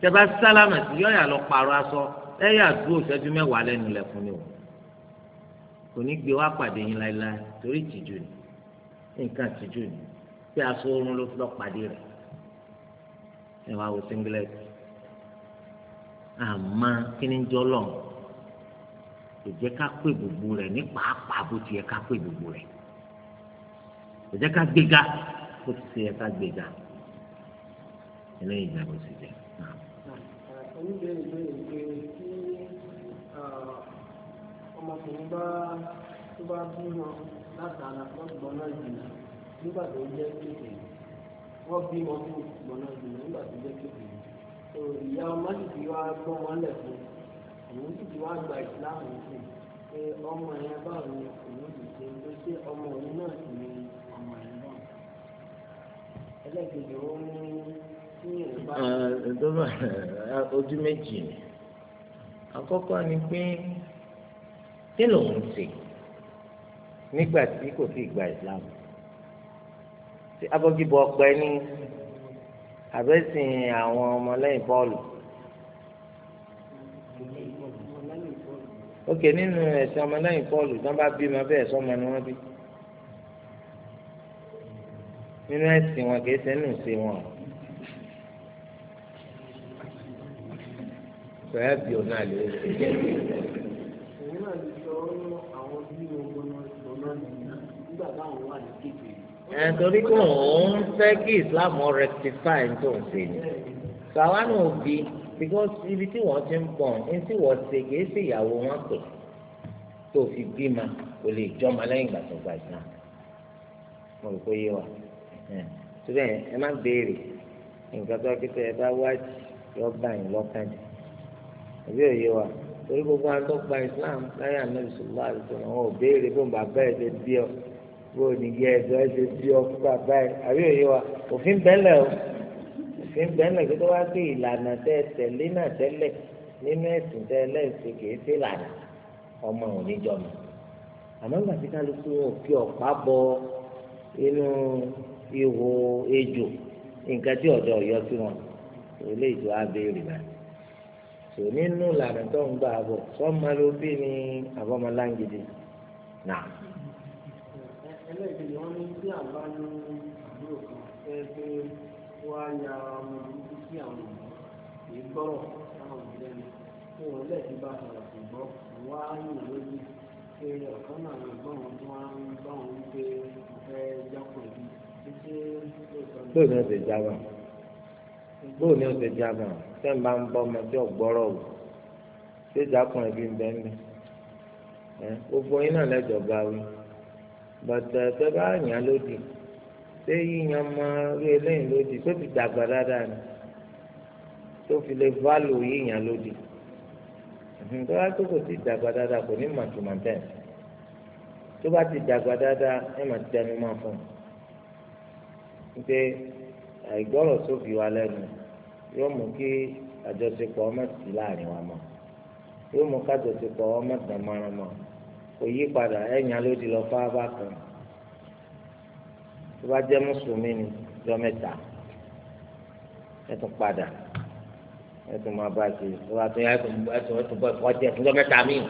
tẹ́bá sálámà sí yọ̀ọ̀yà lọ pààrọ̀ aṣọ ẹ yà dúró ìṣẹ́jú mẹ́wàá lẹ́nu lẹ̀kùn ni o kò ní gbé wá pàdé yín láéláé torí ìtìjú ni nǹkan ìtìjú ni pé aṣọ oorun ló lọ pàdé rẹ̀ ẹ wá wo singlet àmọ́ kí ni jọ lọ kò jẹ́ ká pè gbogbo rẹ̀ ní pàápàá bó ti yẹ ká pè gbogbo rẹ̀ kò jẹ́ ká gbéga bó ti yẹ ká gbéga eléyìí jẹ́ bó ti jẹ́. oníbèrè bèrè pé kí ọmọkùnrin bá tó bá bímọ látara lọ́gbọ̀n náà jìnnà nígbà tó jẹ́ kékeré wọ́n bímọ tó gbọ̀n náà jìnnà nígbà tó jẹ́ kékeré ìyá ọmọ sì ti wá gbọ́n wọn lẹ̀ fún òun sì ti wá gba ìsìláàmù fún pé ọmọ yẹn báwo òun sì ṣe ló ṣe ọmọ òun náà sì ni ọmọ yẹn náà ẹlẹ́gbẹ̀dẹ̀ ó ní. Eh, eh, ojú méjì ni àkọ́kọ́ ni pé kí ló ń ṣe nígbà tí kò sí ìgbà ìsìlámù tí abọ́gibọ̀ ọ̀pẹ ní àbẹ́sìn àwọn ọmọlẹ́yìn bọ́ọ̀lù ókè nínú ẹ̀sìn ọmọlẹ́yìn bọ́ọ̀lù tí wọ́n bá bí ma bẹ́ẹ̀ sọ́mọ ni wọ́n bí nínú ẹ̀sìn wọn kì í ṣe nù sí wọn o. bẹ́ẹ̀ bí òun náà lè rí. èyí náà ti sọ àwọn bí ogun lọ́nà nígbà táwọn wà ní kékeré. ẹ̀ torí pé òun fẹ́ kí Islam rectify tó ń ṣe ni sàwa náà bí because ibi tí wọ́n ti ń bọ̀ ní tí wọ́n ṣe kì í ṣe ìyàwó wọn pè tó fi bímọ kò lè jọmọ lẹ́yìn ìgbà tó gba Islam mo rò pé yé wa síbẹ̀ ẹ má béèrè nǹkan tó kí tẹ ẹ bá wájú yọ bá yín lọ́kàn jù àbí òye wa torí gbogbo àwọn gba islam láyé ànábì sọlá àdìsọ àwọn ò béèrè bó ń bàbá ẹ ṣe bí ọ bó ní yẹ ẹjọ ẹ ṣe bí ọ fún bàbá ẹ àbí òye wa òfin bẹ́lẹ̀ o òfin bẹ́lẹ̀ kí tó wá pé ìlànà tẹ tẹ̀lé náà tẹ́lẹ̀ nínú ẹ̀sìn tẹ lẹ́sìn kìí sí ìlànà ọmọ òní jọmọ àmọ́ nígbà tí kálukú òkè ọ̀pá bọ inú ihò ejò nǹkan tí ọ̀dọ̀ ọ̀yọ́ tò nínú ìlànà tó ń gbà bọ̀ sọ́mọ ló bí ní àbọ̀mọ láǹgìdì náà. ẹlẹ́gbẹ̀rẹ̀ wọn ní bí àbá ní àbúrò kan fẹ́ pé ya ọmọ ìlú sí àwọn èyí gbọ́rọ̀ láwọn òbílẹ̀ ni pé òun lẹ́ẹ̀kí bá sọ̀rọ̀ ṣùgbọ́n wọ́n á yìn lójú pé ọ̀kan náà ló gbọ́ wọn tí wọ́n bá wọn wípé mo fẹ́ jápọ̀ yìí títí ó ti jábà bóòlù ó ti jábà sẹ́yìn bá ń bọ́ ọmọdé ọ̀gbọ́rọ̀ wò ṣéjà kan ẹbí ń bẹ́ ń bẹ́ gbogbo yín náà lẹ́jọ̀ ga wí bàtà ẹ̀fẹ́ bá yàn lódì ṣé yíyan máa rí eléyìí lódì tó fi dàgbà dáadáa ni tó fi lè válò yíyan lódì tó bá tó kò sí dàgbà dáadáa kò ní màtòmátẹ́ tó bá ti dàgbà dáadáa ẹ̀ máa tẹnu máa fún un pé àìgbọ́rọ̀ sófin wa lẹ́nu yóò mú kí àjọṣepọ̀ ọmọ sí láàrin wa mọ́ yóò mú kájọṣepọ̀ ọmọ dàn mọ́ra mọ́ kò yí padà ẹ̀yìn alódì lọ fáábà kan tó bá jẹ́ mùsùlùmí ni jọ mẹ́ta ẹ̀tún padà ẹ̀tún máa bá ṣe tó bá tún ẹ̀tún ẹ̀tún ẹ̀tún bọ́ ẹ̀fọ́ jẹ́ fún jọ mẹ́ta míì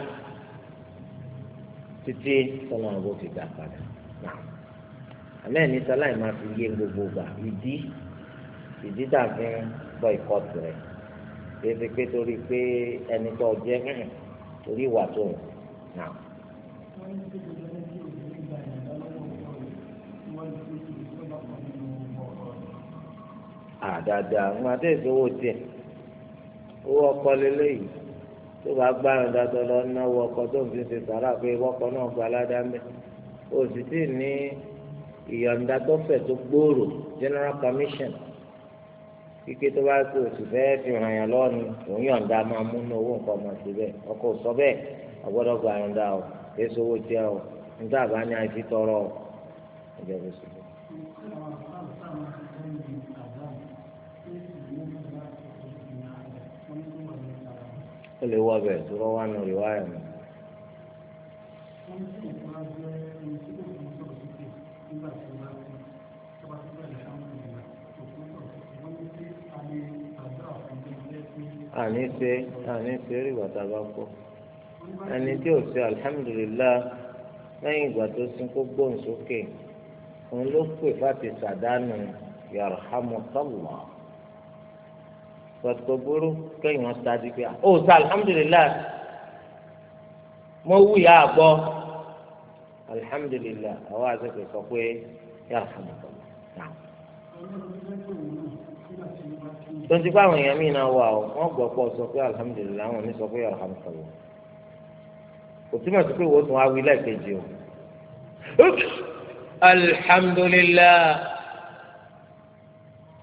títí tọ́lá ọ̀bọ̀ fi gbà padà àmẹ́ẹ̀ ní sáláì máa fi yé gbogbo gbà ìdí ìdí dàbí bọ́ ìkọ́tù rẹ̀ ṣéṣe pé torí pé ẹni tó jẹ́ torí ìwà tó ń nà. àdáadáa ń máa tẹ̀sí owó tiẹ̀ owó ọkọ lélẹ́yìí tó bá gbárùn dáadáa lọ náwó ọkọ tó ń fi ṣe sàrà pé wọ́kọ náà gba aládàá mẹ́ òsì tí ní ìyọ̀ǹda tó fẹ̀ tó gbòòrò general commission ike tó bá pé oṣù fẹ́ fi ràn yàn lọ́ọ̀ni owó nǹkan ọmọ sí bẹ́ẹ̀ ọkọ̀ sọ bẹ́ẹ̀ ọgbọ́dọ̀ gba o kéésì owó jẹ́ o níta bá ní àìsí tọrọ o ẹ̀jẹ̀ bó ṣe ó lè wọ bẹ́ẹ̀ tó wá nù rí wáyà mi. wọ́n ní kí ìfúnra jẹ́ ẹni tí kò sọ̀rọ̀ sókè nígbà àní ṣe àní ṣe rí ìgbà tá a bá kú ẹni tí ò ṣe alihamudulilayi lẹ́yìn ìgbà tó sin kó gbóhùn sókè òun ló pè fáti sàdánù yarhamukallah pẹ̀tùkọ̀ burú kẹ́yìn wọn sáájú pé ó sá alihamudulilayi mo wú ìyá àgbọ́ alihamudulilayi àwọn àti kò sọ pé yarhamukallah náà tó ń ti fáwọn èèyàn míì náà wà ó wọ́n gbọ́ pé alihamudulilayi àwọn oníṣọ pé alihamudulilayi kò túmọ̀ sí pé wọ́n tún wá wí lẹ́ẹ̀kejì o alihamudulilayi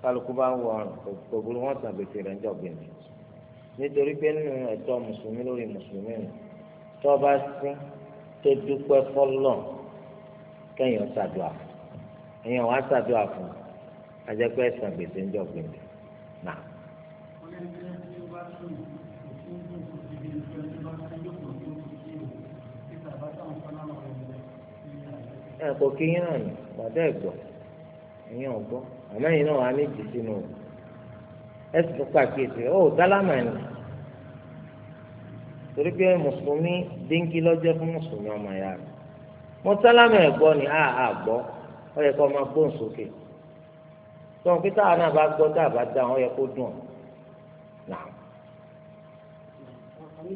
kálukú bá ń wọ ọrùn wọn sàn bèsè rẹ̀ ń jọ nítorí pé nínú ẹ̀tọ́ mùsùlùmí lórí mùsùlùmí nù tó bá sín tó dúpẹ́ fọlọ́ kẹ́yìn ọ̀sàdùà fún ajẹ́pẹ́ sàn bèsè ń jọ nà. ẹ kò kí yín náà ní bàtà ẹ̀gbọ́n ẹ̀yìn ọ̀gbọ́n àmọ́ ẹ̀yìn náà wà á ní jù sínú o ẹ sì tún pàkíyèsí ó dálámà ni torí pé mùsùlùmí dínkì lọ́jọ́ fún mùsùlùmí ọmọ ìyá rẹ̀ mọ́tálámà ẹ̀gbọ́n ni àà àgbọ́ ó yẹ kó máa gbóhùn tọ́ pé táwa náà bá gbọ́ tá a bá dá wọn yẹ kó dùn nà. Eh, tàbí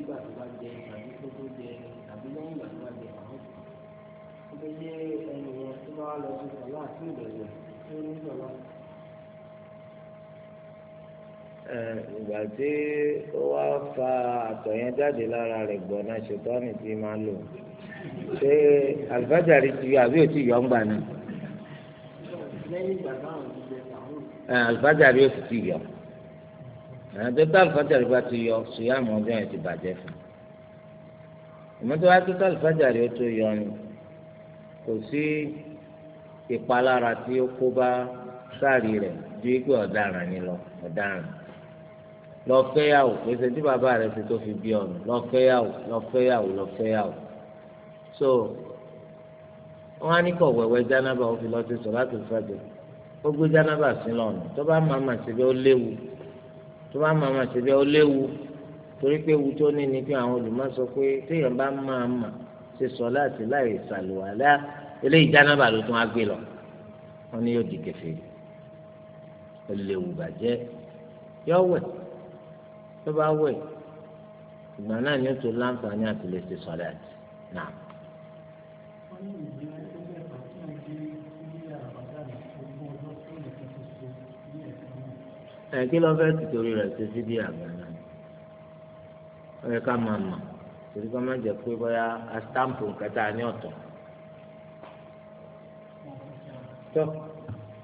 ìgbà tó bá jẹ tàbí tó tó jẹ tàbí lẹ́yìn ìgbà tó bá jẹ àwọn ọ̀sán. ó lè yé ẹnìyẹn tó bá lọ sí sọ̀lá àti ìbẹ̀rẹ̀ tó ní sọ̀lá ìgbà tí ó wá fa àtọ̀ yẹn jáde lára rẹ̀ gbọ̀nà ṣètọ́nì tí máa lò ṣé àlùfáàjàrí ti yọ àbí òtí yọ ń gbà náà. àlùfáàjàrí ò sì ti yọ àwọn tó tá àlùfáàjàrí bá ti yọ sùyàmù ọdún yẹn ti bàjẹ́ fún un ìmọ̀tò wá tó tá àlùfáàjàrí ó tó yọ ni kò sí ìpalára tí ó kó bá sáàrí rẹ̀ ju ikú ọ̀daràn ni lọ ọ̀daràn lọ fẹ́yàwó pèsè tí bàbá rẹ̀ ṣe tó fi bí ọ̀nà lọ fẹ́yàwó lọ fẹ́yàwó lọ so wọn á ní kọ wẹ̀wẹ̀ jánábà ó fi lọ sí sọ láti fàjẹ ó gbé jánábà sí lọ́nà tó bá máa máa ṣe bẹ́ẹ̀ ó léwu tó bá máa máa ṣe bẹ́ẹ̀ ó léwu torí pé ewu tó ní ni pé àwọn olùmọ̀ sọ pé téèyàn bá máa mà ṣe sọ láti láì ṣàlùwàlá eléyìí jánábà ló tún á gbé lọ wọn ni yóò di kẹfẹ ó léwu bàjẹ́ yọ wẹ̀. tó bá wẹ̀ ìgbà náà ni ó tó láǹfààní àti lè ṣe sọ̀rọ̀ àti náà. ẹ kí ló fẹ́ tìtorí rẹ̀ ṣe sí bí àgbàlá ó yẹ ká máa mọ̀ torí ká má jẹ́ pé bóyá kẹta ní ọ̀tọ̀ tó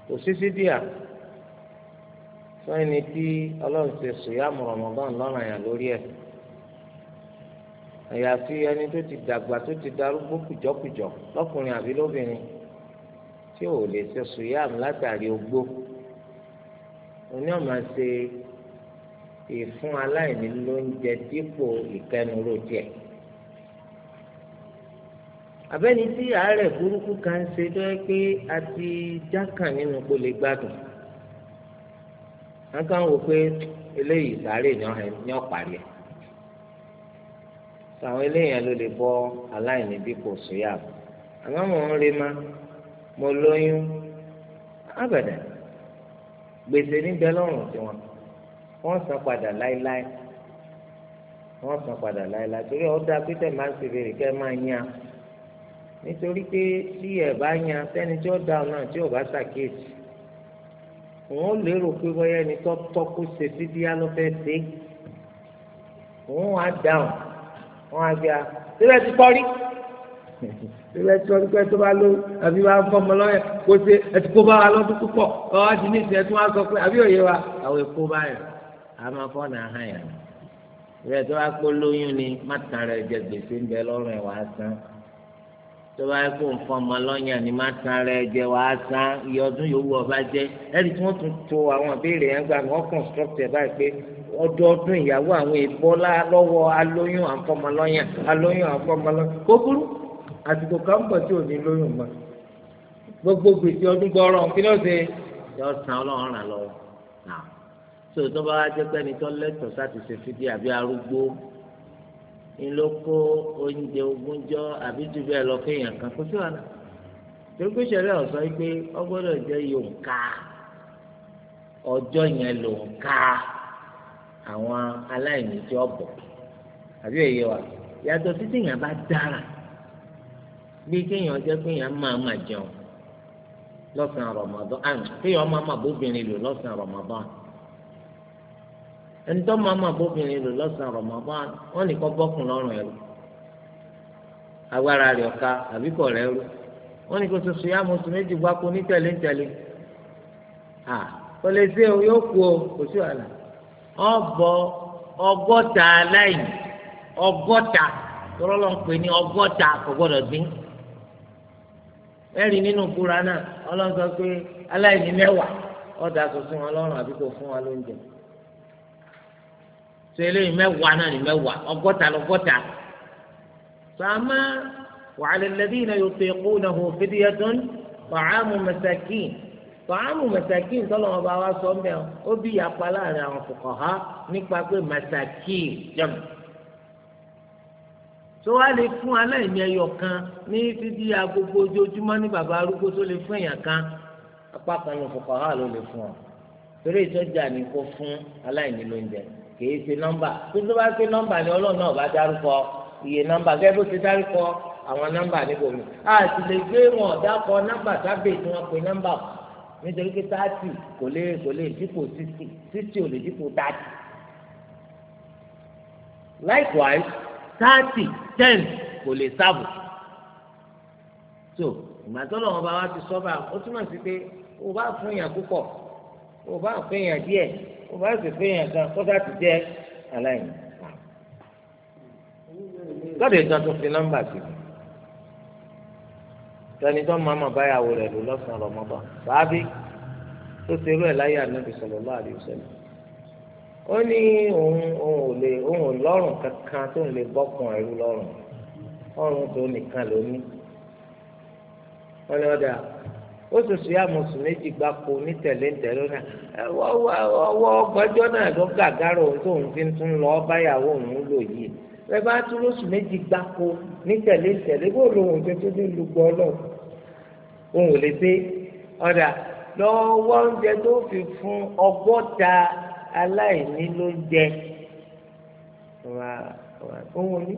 kò sí sí bí fún ẹni tí ọlọ́run ṣe sùyàmù Ramadan lọ́nà yàn lórí ẹ̀ àyàfi ẹni tó ti dàgbà tó ti darúgbó kùjọkùjọ lọ́kùnrin àbí lóbìnrin tí ò lè ṣe sùyàmù látàrí ogbó oní ọ̀ma ṣe ìfún aláìní lóúnjẹ dípò ìkẹnuró tiẹ̀ abẹ́ni tí àárẹ̀ burúkú kan ṣe tó yẹ pé a ti jákàn nínú kó lè gbádùn wọn kàn wò pé eléyìí sáré ni wọn parí ẹ sàwọn eléyìí ló lè aláìní bí bọ mò ń rí ma mo lóyún abẹ̀dẹ̀ gbèsè ni lọ́rùn tiwọn wọn san padà láéláé san padà láéláé torí ọ̀dà pété máa ń ṣe bèrè kẹ́ máa yan nítorí pé tí ẹ̀ bá yan sẹ́ni tí ó òun lérò pé bóyá ẹni tó tọ́kú ṣe fídíà ló fẹ́ ṣe òun wá dáhùn wọn á fi à síbẹ̀ ti kọ́ rí síbẹ̀ tí wọ́n pẹ́ tó bá ló àbí wàá fọmọ lọ́yẹ̀ kó ṣe ẹtì kó bá wa lọ́dún púpọ̀ ọ́ ti ní ìsìn ẹtì wọn sọ pé àbí òye wa àwọn èkó báyọ̀ a máa fọ́nà àhàn yàrá ìrẹ̀ tó wá pé lóyún ni má tàn rẹ̀ jẹ gbèsè ń bẹ lọ́rùn ẹ̀ wàá san tọ́ba yẹ kó nǹkan ọmọ lọ́yàn ni má san rẹ jẹ wàá san iye ọdún yòówù ọba jẹ ẹni tí wọ́n tún to àwọn ìbéèrè yẹn gbà wọ́n construct ẹ̀ báyìí pé ọdọọdún ìyàwó àwọn èèbọ́ lọ́wọ́ alóyún àfọmọlọ́yàn alóyún àfọmọlọ́yàn kókúrú àsìkò kan bọ̀ tí ò ní lóyún mọ́ gbogbo gbèsè ọdún gbọ́rọ̀ kí ló ṣe yọ san ọlọ́run ràn lọ́wọ́ náà tó tọ́ba wá jẹ́ pẹ́ni tó lẹ́tọ̀ọ́ sáti ṣe fídíò àbí arúgbó ńlọkọ oúnjẹ ogúnjọ àbí jù bẹ́ẹ̀ lọ kéèyàn kan kó sí wàhálà torí pé ìṣẹ̀lẹ̀ pé yẹn ló àwọn aláìní tí ó bọ̀ àbí wa yàtọ̀ títí yẹn bá dára bí kéèyàn jẹ́ kéèyàn máa máa jẹun lọ́sàn-án kéèyàn máa máa bóbìnrin lò ẹnitọ́ máa ma bóbìnrin lò lọ́sàn-án Ramadan wọ́n ní kọ́ bọ́kùn lọ́rùn ẹ̀rú agbára rẹ̀ ọ̀ka àbí kọ̀ rẹ̀ ẹ̀rú ní kó soso yá méjì gbáko ní tẹ̀lé o yóò kú o kò sí wàhálà ọ̀bọ ọgọ́ta aláìní ọgọ́ta ń pè ní ọgọ́ta kò gbọ́dọ̀ dín nínú kúra náà so eléyìí mẹ́wàá náà ní mẹ́wàá ọgọ́ta lọ́gọ́ta sàmà wàhálà lẹ́dínà yutiqunahu fidyatun ta'amu masakin tọ́hámù mẹ̀sàkì sọ́lọ́mọ bá wa sọ mẹ́ ó bí yapa láàrin àwọn fuqaha nípa pé mẹ̀sàkì jẹ̀mù. tó wá lè fún aláìní ẹyọ kan ní fídí agogo ojoojúmọ́ ní bàbá arúgbó tó lè fún èèyàn kan apá kan ní fuqaha ló lè fún ọ. torí ìtọ́jà ni kò fún aláìní lóúnjẹ kìí ṣe nọ́mbà tó bá ṣe nọ́mbà ni ọlọ́run náà bá dárúkọ iye nọ́mbà gẹ́gẹ́ bó ṣe dárúkọ àwọn nọ́mbà níbo mi a sì lè gbé wọn dákọ nọ́mbà sábẹ́ tí wọ́n pe nọ́mbà nítorí pé táàtì kò lè kò lè dípò sísì sísì ò lè dípò táàtì. likewise táàtì ten kò lè sáàbù. so ìgbà tó lọ́wọ́ bá wa ti sọ́ba ó túmọ̀ sí pé o bá fún yàn púpọ̀ o bá fún yàn díẹ̀ o bá sì pé yẹn kan kó sá ti jẹ́ aláìní. lọ́dọ̀ ìtàn tó fi nọ́mbà sí i tani tó máa ma báyàwó rẹ̀ lò lọ́sàn-án rọ̀mọ́bà báàbí tó ṣe irú ẹ̀ láyé ànábì sallallahu alaihi wasallam ó ní òun òun ò lè òun ò lọ́rùn kankan tó ń lè bọ́kùn ẹ̀rú lọ́rùn ọrùn tó nìkan ló ní wọ́n ní ọ̀dà ó sì sùn yá mùsùn méjì gba kó ní tẹ̀lé tẹ̀lé náà ọwọ́ ọgbọ́jọ́ náà ló gàgàrò tóun fi tún lọ báyàwó òun lò yìí ẹ bá tún lóṣù méjì gba kó ní tẹ̀lé tẹ̀lé bó lóun tó tó ní lùgbọ́ lọ òun ò lè dé ọ̀dà lọ́wọ́ oúnjẹ tó fi fún ọgọ́ta aláìní ló jẹ òun ní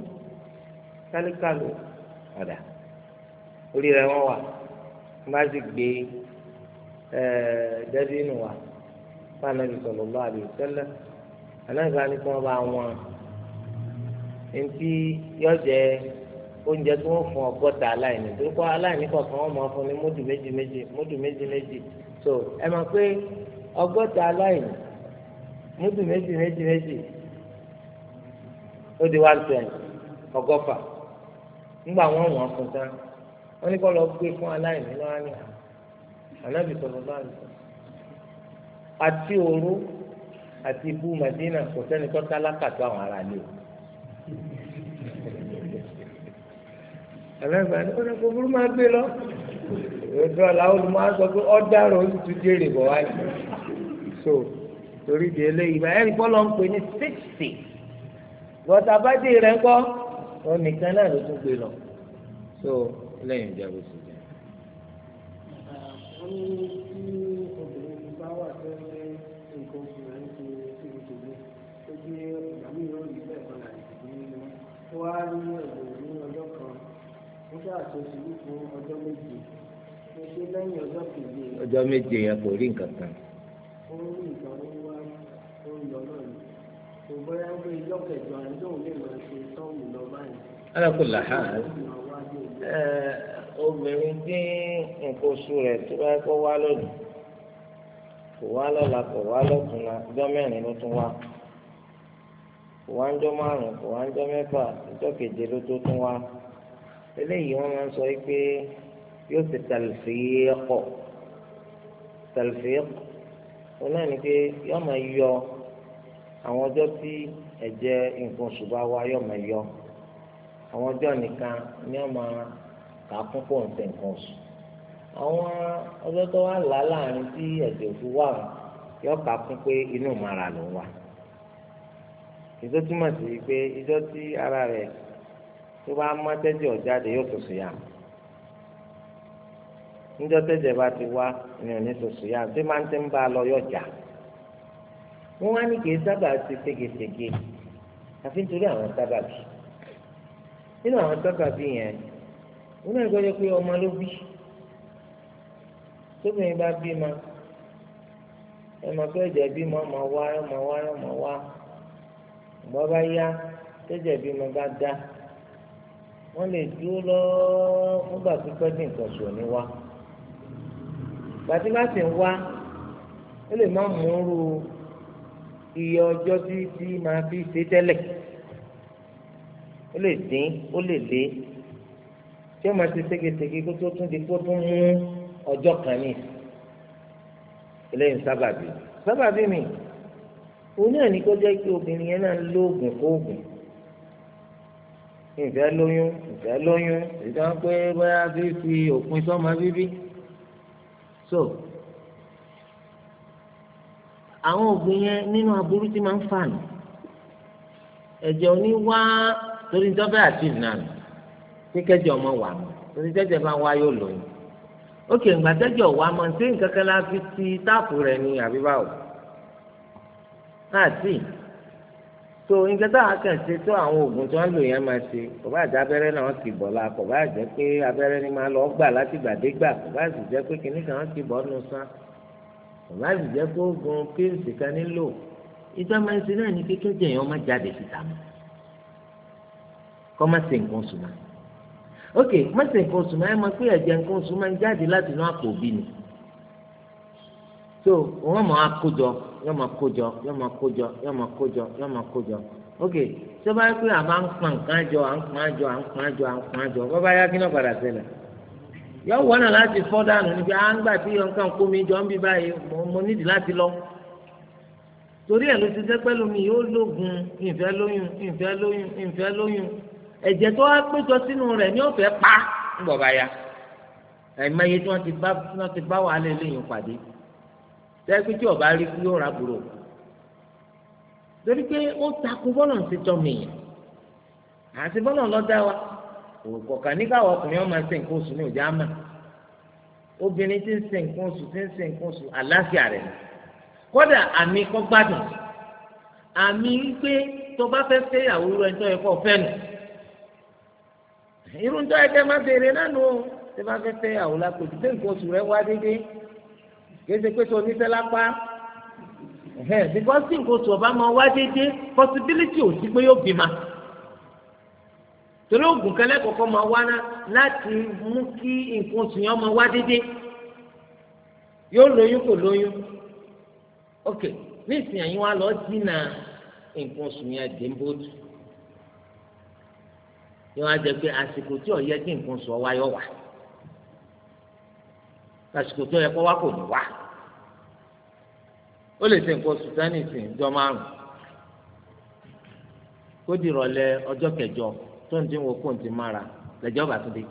kálíkálù ọ̀dà orí rẹ̀ wọ́n wà má sì gbé dẹ́bí eh, nù wá fún anabi sallallahu alaihi wasallam anabi àti kí wọ́n bá wọn ntí yọjẹ oúnjẹ tí wọ́n fún ọgọ́ta aláìní torí kọ́ aláìní kọ̀ọ̀kan wọ́n máa fún ní módù méjì méjì módù méjì méjì so ẹ máa pé ọgọ́ta aláìní módù méjì méjì méjì ó di one twenty ọgọ́fà ńgbà wọ́n wọ́n fún tán wọ́n ní kọ́ lọ gbé fún aláìní lọ́wọ́ ní ànábì sọ̀rọ̀ bá mi sọ. àti òru àti ibú Madina kò sẹ́ni tó tálákà tó àwọn ará lé o. àlẹ́gbàá ni ó ní kó burú máa gbé lọ. ètò àlàó ló máa sọ pé ọ̀daràn ó sì jèrè bọ̀ wáyé. so torí di eléyìí bá ẹnì kọ́ lọ ń pè ní sixty. bọ́tà bá dé rẹ̀ ń kọ́ wọn nìkan náà ló tún gbé lọ. so lẹ́yìn ìjà bó ṣe jẹ́. wọ́n ní tí obìnrin bá wà tó ń lé nǹkan oṣù rẹ̀ ń ṣe ṣègbè ó jẹ́ ìgbà míì yóò rí bẹ́ẹ̀ kan láti ṣègbè nínú ó wá rí ẹ̀bùn ní ọjọ́ kan ó ṣáà tó fún ọjọ́ méje ó ṣe lẹ́yìn ọjọ́ keje. ọjọ́ méje yẹn kò rí nǹkan kan. ó ń rí ó wá ó ń lọ náà ni kò bóyá ń gbé ìjọ obìnrin tí nǹkan oṣù rẹ̀ tó bá kọ́ wá lónìí kò wá lọ́la kò wá lọ́tùnla ọjọ́ mẹ́rin ló tún wá kò wá ń jọ márùn kò wá ń jọ mẹ́fà ọjọ́ keje ló tó tún wá eléyìí wọ́n máa ń sọ pé yóò ti tàlùfíẹ́kọ̀ tàlùfíẹ́kọ̀ wọn náà ni pé yọ́ọ́ yọ àwọn ọjọ́ tí ẹ̀jẹ̀ nǹkan oṣù bá wá yọ́ọ́ yọ àwọn ọjọ́ nìkan ni wọ́n máa kà fún pọ̀ ń tẹ̀ nǹkan oṣù àwọn ọjọ́ tó wà là láàrin tí ẹ̀jẹ̀ òfin wà yọ kà fún pé inú ìmọ̀ra ló wà ìjọ túmọ̀ sí pé ìjọ tí ara rẹ̀ tó bá mọ́ tẹ́jẹ̀ ọ̀jáde yóò tó sùn yà níjọ́ tẹ́jẹ̀ bá ti wá ni ò ní tó sùn yà tí máa ń tẹ́ ń bá a lọ yọ̀ jà wọ́n wá ní kì í sábà ti ségesège àfi nítorí àwọn sábàbí. nínú àwọn tọ́ka bíi yẹn nínú bi yẹ pé ọmọ ló bí tóbìnrin bá bí ma ẹ máa fẹ́ jẹ́ bí ma ọmọ wá ọmọ wá ọmọ wá ọmọ bá ma bá dá wọ́n lè dúró lọ fúngbà pípẹ́ ní nǹkan sùn ní bá sì ń lè má mú iye ọjọ́ tí tí máa fi ṣe ó lè dín ó lè lé tí ó máa ṣe ségesège kó tó tún di kó tún mú ọjọ́ kan ní eléyìí sábàbí sábàbí mi òun náà ní kó jẹ́ pé obìnrin yẹn náà ń lo oògùn kóògùn ìfẹ́ lóyún ìfẹ́ lóyún ìtàn pé bóyá fífi òpin sọ́mọ bíbí so àwọn oògùn yẹn nínú aburú tí máa ń fà nù ẹ̀jẹ̀ òní wá torí níjọ́ bẹ́ẹ̀ àti ìnáà ní kẹ́jọ ọmọ wà mọ́ torí jẹ́jẹ́ bá wá yóò lòyìn ókè ńgbà jẹ́jẹ́ ọ̀wá mọ́ ṣé nǹkan la fi ti táàpù rẹ̀ ni àbí báwo káàtì tó nǹkan táwọn akẹ́ǹṣe tó àwọn oògùn tó ń lò yẹn máa ṣe kò bá jẹ́ abẹ́rẹ́ náà ti bọ̀ la kò bá jẹ́ pé abẹ́rẹ́ ni máa lọ gbà láti gbàdégbà kò bá sì jẹ́ pé kìnnì kan ti bọ̀ nù sán kò bá sì jẹ́ pé oògùn pílùsì kan nílò ìjọba ẹ̀sìn náà ní kékeré jẹ̀yàn má jáde síta mọ́ kọ́ má ṣe nǹkan oṣù mọ́ ok má ṣe nǹkan oṣù mọ́ ẹ mọ̀ pé ẹ̀jẹ̀ nǹkan oṣù máa ń jáde láti inú àpò òbí ni so wọ́n mọ̀ akójọ yọ mọ̀ kójọ yọ mọ̀ kójọ yọ mọ̀ kójọ yọ mọ̀ kójọ ok tó bá yẹ pé àbá ń pa nǹkan jọ à ń pa jọ à ń pa jọ à ń pa jọ bọ́ bá yá kí náà padà ṣẹlẹ̀ yọ wọ́n náà láti fọ́ dànù níbi à ń gbà tí yọ nǹkan kó mi jọ ń bí báyìí mo nídìí láti lọ torí ẹ̀ ló ti jẹ́ pẹ́ lómi yóò lóògùn ìfẹ́ lóyún ìfẹ́ lóyún ìfẹ́ lóyún ẹ̀jẹ̀ tó wá péjọ sínú rẹ̀ ní ọ̀fẹ́ pa ńgbọ̀ bá ya ẹ̀mẹ́yẹ tí wọ́n ti bá tí wọ́n ti bá wà lé lẹ́yìn pàdé tẹ́gbẹ́ tí ọba rí kú yóò rà torí pé ó takò bọ́ọ̀lù ti tọ́ mìíràn àti bọ́ọ̀lù lọ́dá wa òkọ̀ọ̀kan nígbàwọ̀ ọkùnrin ọmọ ẹsẹ̀ nǹkan oṣù ní ọjà àmà obìnrin ti ń ṣe nǹkan oṣù ti ń ṣe nǹkan oṣù àlàáfíà rẹ̀ kódà àmì kọ́ gbádùn àmì pé tó bá fẹ́ fẹ́ ìyàwó rẹ̀ tó yẹ kó fẹ́ nù irú ntọ́ ẹ̀kẹ́ máa béèrè nánu o ṣé bá fẹ́ fẹ́ àwọn lápòtù pé nǹkan oṣù rẹ wá dédé kéde pé tó níṣẹ́ lápá ẹ̀hẹ́n because tí nǹkan oṣù ọba máa wá dédé possibility ò sí pé yóò bímọ torí oògùn kẹlẹ́ kọ̀ọ̀kan máa wá ná láti mú kí nǹkan oṣù yẹn máa wá dédé yóò lóyún kò lóyún ok ní ìsìn àyínwá lọ dínà nǹkan oṣù yẹn dé ń bójú ni wọn á jẹ pé àsìkò tí ó yẹ kí nǹkan sọ wá yọ wà àsìkò tó yẹ kó wá kò ní wá ó lè ṣe nǹkan oṣù tání sí ìjọ márùn kó dìrọ̀lẹ́ ọjọ́ kẹjọ tó ń dín wo kó ń ti mára lẹ́jọ́ bá tún dé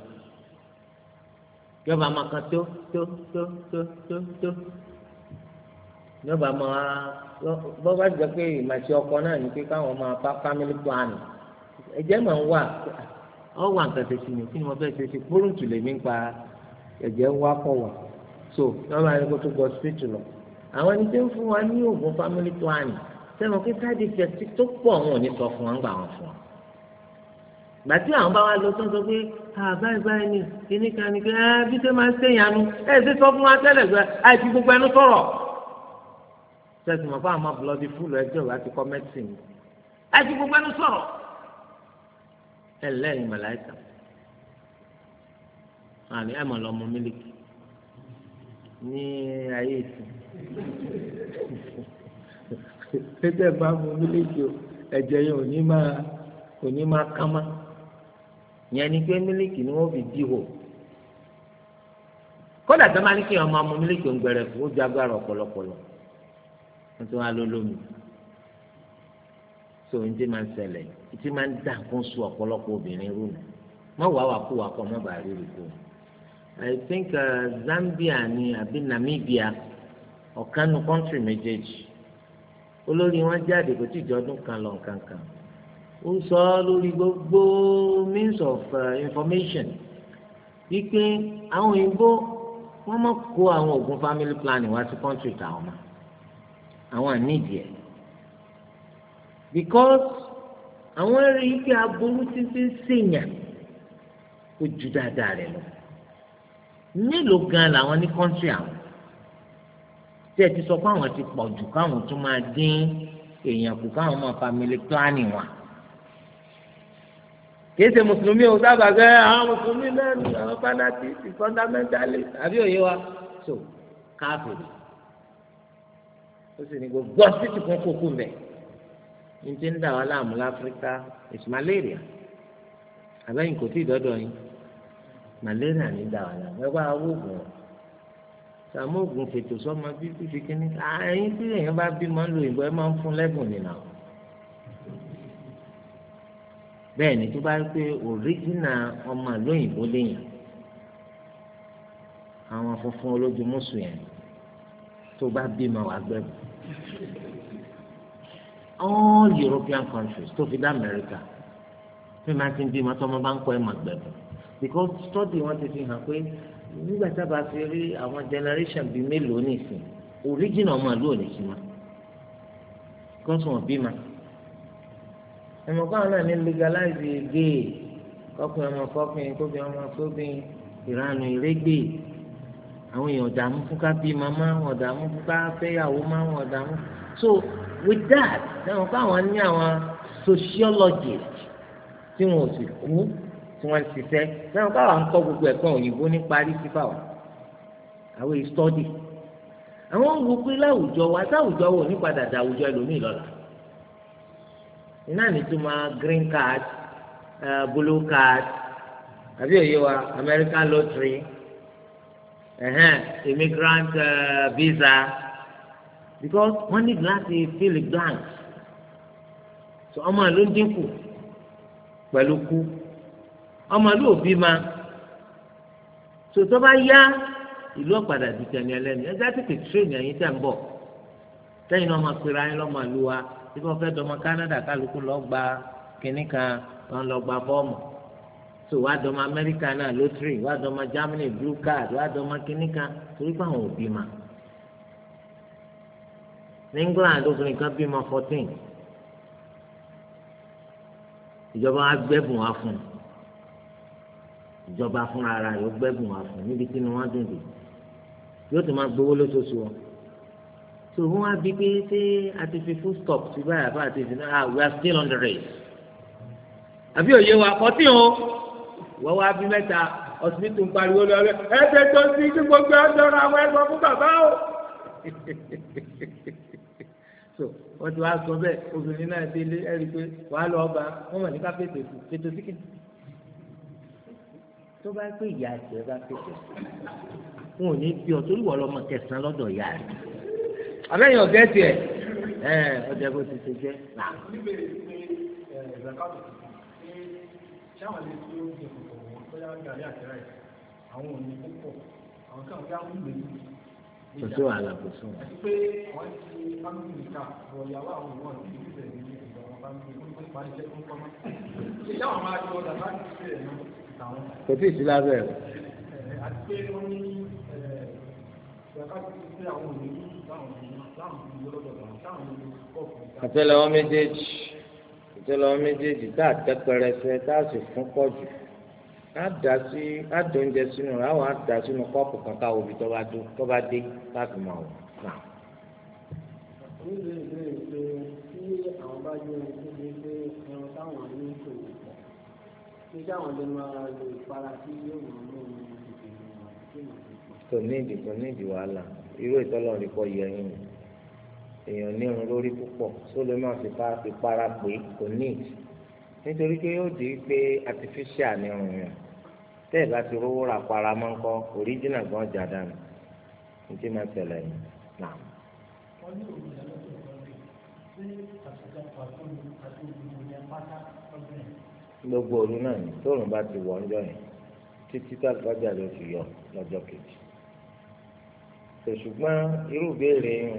yọba máa kan tó tó tó tó tó tó yọba máa bọ́ bá jẹ́ pé ìmọ̀ ẹ̀sìn ọkọ náà ni pé káwọn máa fa family plan ẹ̀jẹ̀ máa ń wà ọ wà nǹkan ṣe sí mi kí ni mo fẹ́ ṣe sí kúrúǹtù lèmi ń pa ẹ̀jẹ̀ ń wá pọ̀ wà so lọ́wọ́ àyè kó tó gbọ́ spiritu lọ. àwọn ẹni tó ń fún wa ní oògùn family planning sẹ́wọ̀n kí káàdì fẹ̀tí tó pọ̀ wọn ò ní sọ fún wọn gbà wọn fún wọn. gbà tí àwọn bá wa lọ sọ́n sọ pé báyìí báyìí ni kíní kan ni bí ṣe máa ń ṣèyànnu ẹ̀ ṣe sọ fún wa tẹ́lẹ̀ gbẹ àìsí gbogbo ẹnu sọ̀rọ̀. sẹ́sìn mọ̀ fún àwọn bloody fool ẹjọ́ wa ti kọ́ mẹ́tì ẹ lẹ́yìn màláìka àní ẹ mọ̀ lọ́mọ mílíkì ní ayé ìsìn tẹ́tẹ́ bá mu mílíkì o ẹ̀jẹ̀ yẹn ò ní máa kò ní máa kán má yẹn ni pé mílíkì ni wọ́n fi dí hò kódà tó máa ní kí ọmọ ọmọ mílíkì ń gbẹrẹ fún ó jagbára ọ̀pọ̀lọpọ̀lọ wọ́n ti wá lólómi so ohun tí máa ń ṣẹlẹ̀ tí máa ń dà kún sùn ọ̀pọ̀lọpọ̀ obìnrin rú nù má wàá wà kó wà kó má bàa rírì kú. I think uh, Zambia ni àbí Namibia ọ̀kanu kọ́ńtì méjèèjì olórí wọn jáde kò tí ì jọdún kan lọ nǹkan kan ó sọ lórí gbogbo means of uh, information wípé àwọn òyìnbó wọn máa kó àwọn oògùn family planning wá sí kọ́ńtì tàwọn àwọn àníjì ẹ̀ because àwọn rí i pé aburú títí ń ṣèyàn kò ju dáadáa rẹ lọ nílò gan làwọn ní kọ́ńtì àwọn tí ẹ ti sọ pé àwọn ti pọ̀ jù káwọn tún máa dín èèyàn kù káwọn máa family planning wa kìí ṣe mùsùlùmí o sábà gẹ àwọn mùsùlùmí náà ní àwọn fanatiki fundamentalist àbí òye wa so káfíìn ó sì ní gbogbo títí kan kókó mbẹ ní ti ń dà wá láàmú láfíríkà is malaria àbẹ́yìn kò tí ì dọ́dọ̀ yín malaria ní dà wá láàmú ẹ bá oògùn sàmú oògùn fètò sọ́mọ bíbí fi kíní àyín tí èèyàn bá bímọ ń lo òyìnbó ẹ máa ń fún lẹ́bùn nìyà o bẹ́ẹ̀ ni tó bá rí pé òríjìnà ọmọ lóyìnbó léyìn àwọn funfun olójú yẹn tó bá bímọ wàá gbẹ́bùn all European countries tó fi dá America fi máa ti ń bímọ tó ọmọ bá ń kọ ẹ̀ máa gbẹ̀bọ̀ because study wọn ti fi hàn pé nígbà tá a bá fi rí àwọn generation bíi mélòó nìsín original ọmọ ìlú òní sí ma because wọn bímọ ẹ̀mọ̀kọ́ àwọn náà ní legalize gay kọkùnrin ọmọ kọkùnrin kóbi ọmọ kóbi ìranù ìrégbè àwọn èèyàn ọ̀dààmú fún ká bí màmá wọn ọ̀dààmú fún ká fẹ́yàwó má wọn ọ̀dààmú so with that sẹ́wọ̀n káwọn ní àwọn sociologist tí wọn ò sì kú tí wọ́n ń ṣiṣẹ́ sẹ́wọ̀n káwọn ń kọ́ gbogbo ẹ̀kọ́ òyìnbó ní parí sífà wọn àwọn ìstọ́dì àwọn ń wo pé láwùjọ wa sáwùjọ wo ní padà dà àwùjọ ẹlòmíì lọ́la iná nìtúmọ̀ green card blue card àbí òye wa American lottery uh -huh, immigrant uh, visa because wọ́n ní gíláàsì fílì gíláàsì so ọmọ ló ń dínkù pẹ̀lú kú ọmọ ló bí ma so tó bá yá ìlú ọ̀padà di tẹ̀mí ẹlẹ́ni ẹja tètè tírèèni ẹ̀yin tẹ̀ ń bọ̀ tẹ́yìn náà máa pera yín lọ́mọ lu wa bí wọ́n fẹ́ dọmọ Canada kálukú lọ́ọ́ gba kínní kan wọ́n lọ́ọ́ gba bọ́ọ̀mù so wàá dọmọ Amẹ́ríkà náà lótìrì wàá dọmọ Germany blue card wàá dọmọ kínní kan torí pé àwọn òbí ma ní England obìnrin kan bímọ fourteen ìjọba wa gbẹ́bùn wa fún un ìjọba fúnra ara rẹ̀ gbẹ́bùn wa fún un níbi tí wọ́n dùn dùn yóò tún máa gbowó lóṣooṣù wọn so wọ́n á bí pé ṣé a ti fi full stop sí báyà bá a ti fi náà ah, we are still on the race àbí òye wa fourteen o wọ́n wá bí mẹ́ta ọsibítù ń pariwo lọ́wọ́ ẹ ṣe tó sí kí gbogbo ọjọ́ ra àwọn ẹ̀gbọ́n fún bàbá o. (laughs) so wọ́n ti wá sọ bẹ́ẹ̀ obìnrin náà délé ẹ̀rí pé wàá lọ ọba wọ́n mọ̀ ní ká fètò sí fètò sí kìtì tó bá pé ìyá àjẹ bá fètò wọn ò ní bí ọ torí wọ́n lọ́mọ kẹsàn-án lọ́dọ̀ ìyá rẹ̀ àbẹ́yìn ọ̀gẹ́ tiẹ̀ ẹ̀ ọjà bó ti ṣe jẹ́ nà. àwọn ò ní púpọ̀ àwọn kan kí á ń lò ó kò sí wàhálà kò sí wọn kò tí ì sí lábẹ́ rẹ̀. àti méjèèjì àtẹ́lẹwọ́ méjèèjì tá a tẹ́ pẹrẹsẹ tá a sì fún pọ̀ jù àdásí àdóúnjẹ sínú rẹ̀ àwọn àdásí nu kọ́ọ̀pù kan káwọ́ ibi tó bá dé tó bá dé láti máa wọ̀ náà. níbi ìbéèrè pé tí àwọn bá jẹ́ ohun tó ṣe pé ẹran táwọn ní kò lè pọ̀ ṣé táwọn lè máa lo ìpara tí yóò máa mú un ìdènà àti ìmọ̀ kò ní ìdí kò ní ìdí wàhálà irú ìtọ́lọ̀ rí kọ́ yẹ yín èèyàn ní irun lórí púpọ̀ tó lè má fi para kò ní nítorí pé yóò di pé artificial ní irun yẹn tẹ́ ẹ̀ bá ti rówó ra para mọ́ ńkọ́ oríjìnà gan jà dànù ní tí máa tẹ̀lé yìí náà. gbogbo òru náà ni tóòrùn bá ti wọ̀ ọ́njọ́ yẹn títí tàgbàjà ló fi yọ lọ́jọ́ kejì. ṣùgbọ́n irú ìbéèrè yẹn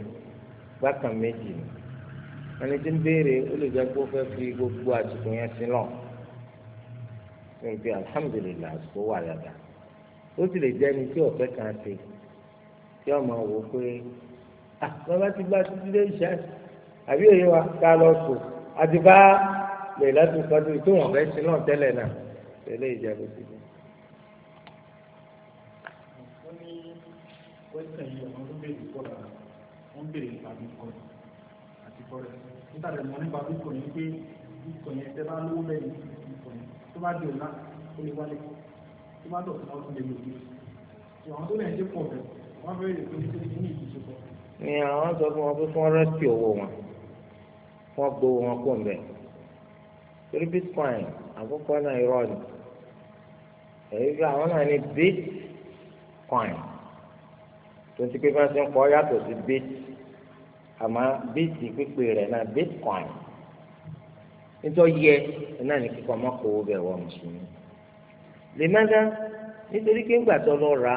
bákan méjì ni ẹni tí ń béèrè ó lè jẹ́ pé ó fẹ́ fi gbogbo àsìkò yẹn sílọ̀ fún pé alhamdulillah àsìkò wà dáadáa ó sì lè jẹ́ ẹni tí ọ̀fẹ́ kan ṣe tí ọmọ wò pé ah bàbá ti bá títí dé ìṣá àbí èyí wa ká lọ sùn àti bá lè láti sọdún tó wọn fẹ́ sí náà tẹ́lẹ̀ náà tẹ́lẹ̀ ìjà ló ti dé. wọ́n ní wẹ́sẹ̀ yìí ọ̀nà tó béèrè kọ́ra wọ́n béèrè nípa bitcoin àti forex nígbà bitcoin yẹn tẹ́ bá lówó lẹ́yìn tó bá di ọ̀la ó lè wálé tó bá dọ̀tún náà ó tún lè lò ó tó àwọn tó lè ṣe pọ̀ rẹ̀ wọ́n fẹ́ rè pé nítorí kí ní ìdíjọpọ̀. ni àwọn sọ fún wọn pé fún rẹ́sì owó wọn wọ́n gbowó wọn kó mbẹ́ torí bitcoin àkókò náà irọ́ ni èyí bí àwọn náà ní bitcoin tó ti pé bá ṣe ń kọ́ yàtọ̀ sí bit àmọ́ bit pípé rẹ̀ náà bitcoin nítorí yẹ náà ní kíkọ́ ọmọ kò bẹ̀ wọ mùsùlùmí lè má dá nítorí pé ńgbà tó lọ rà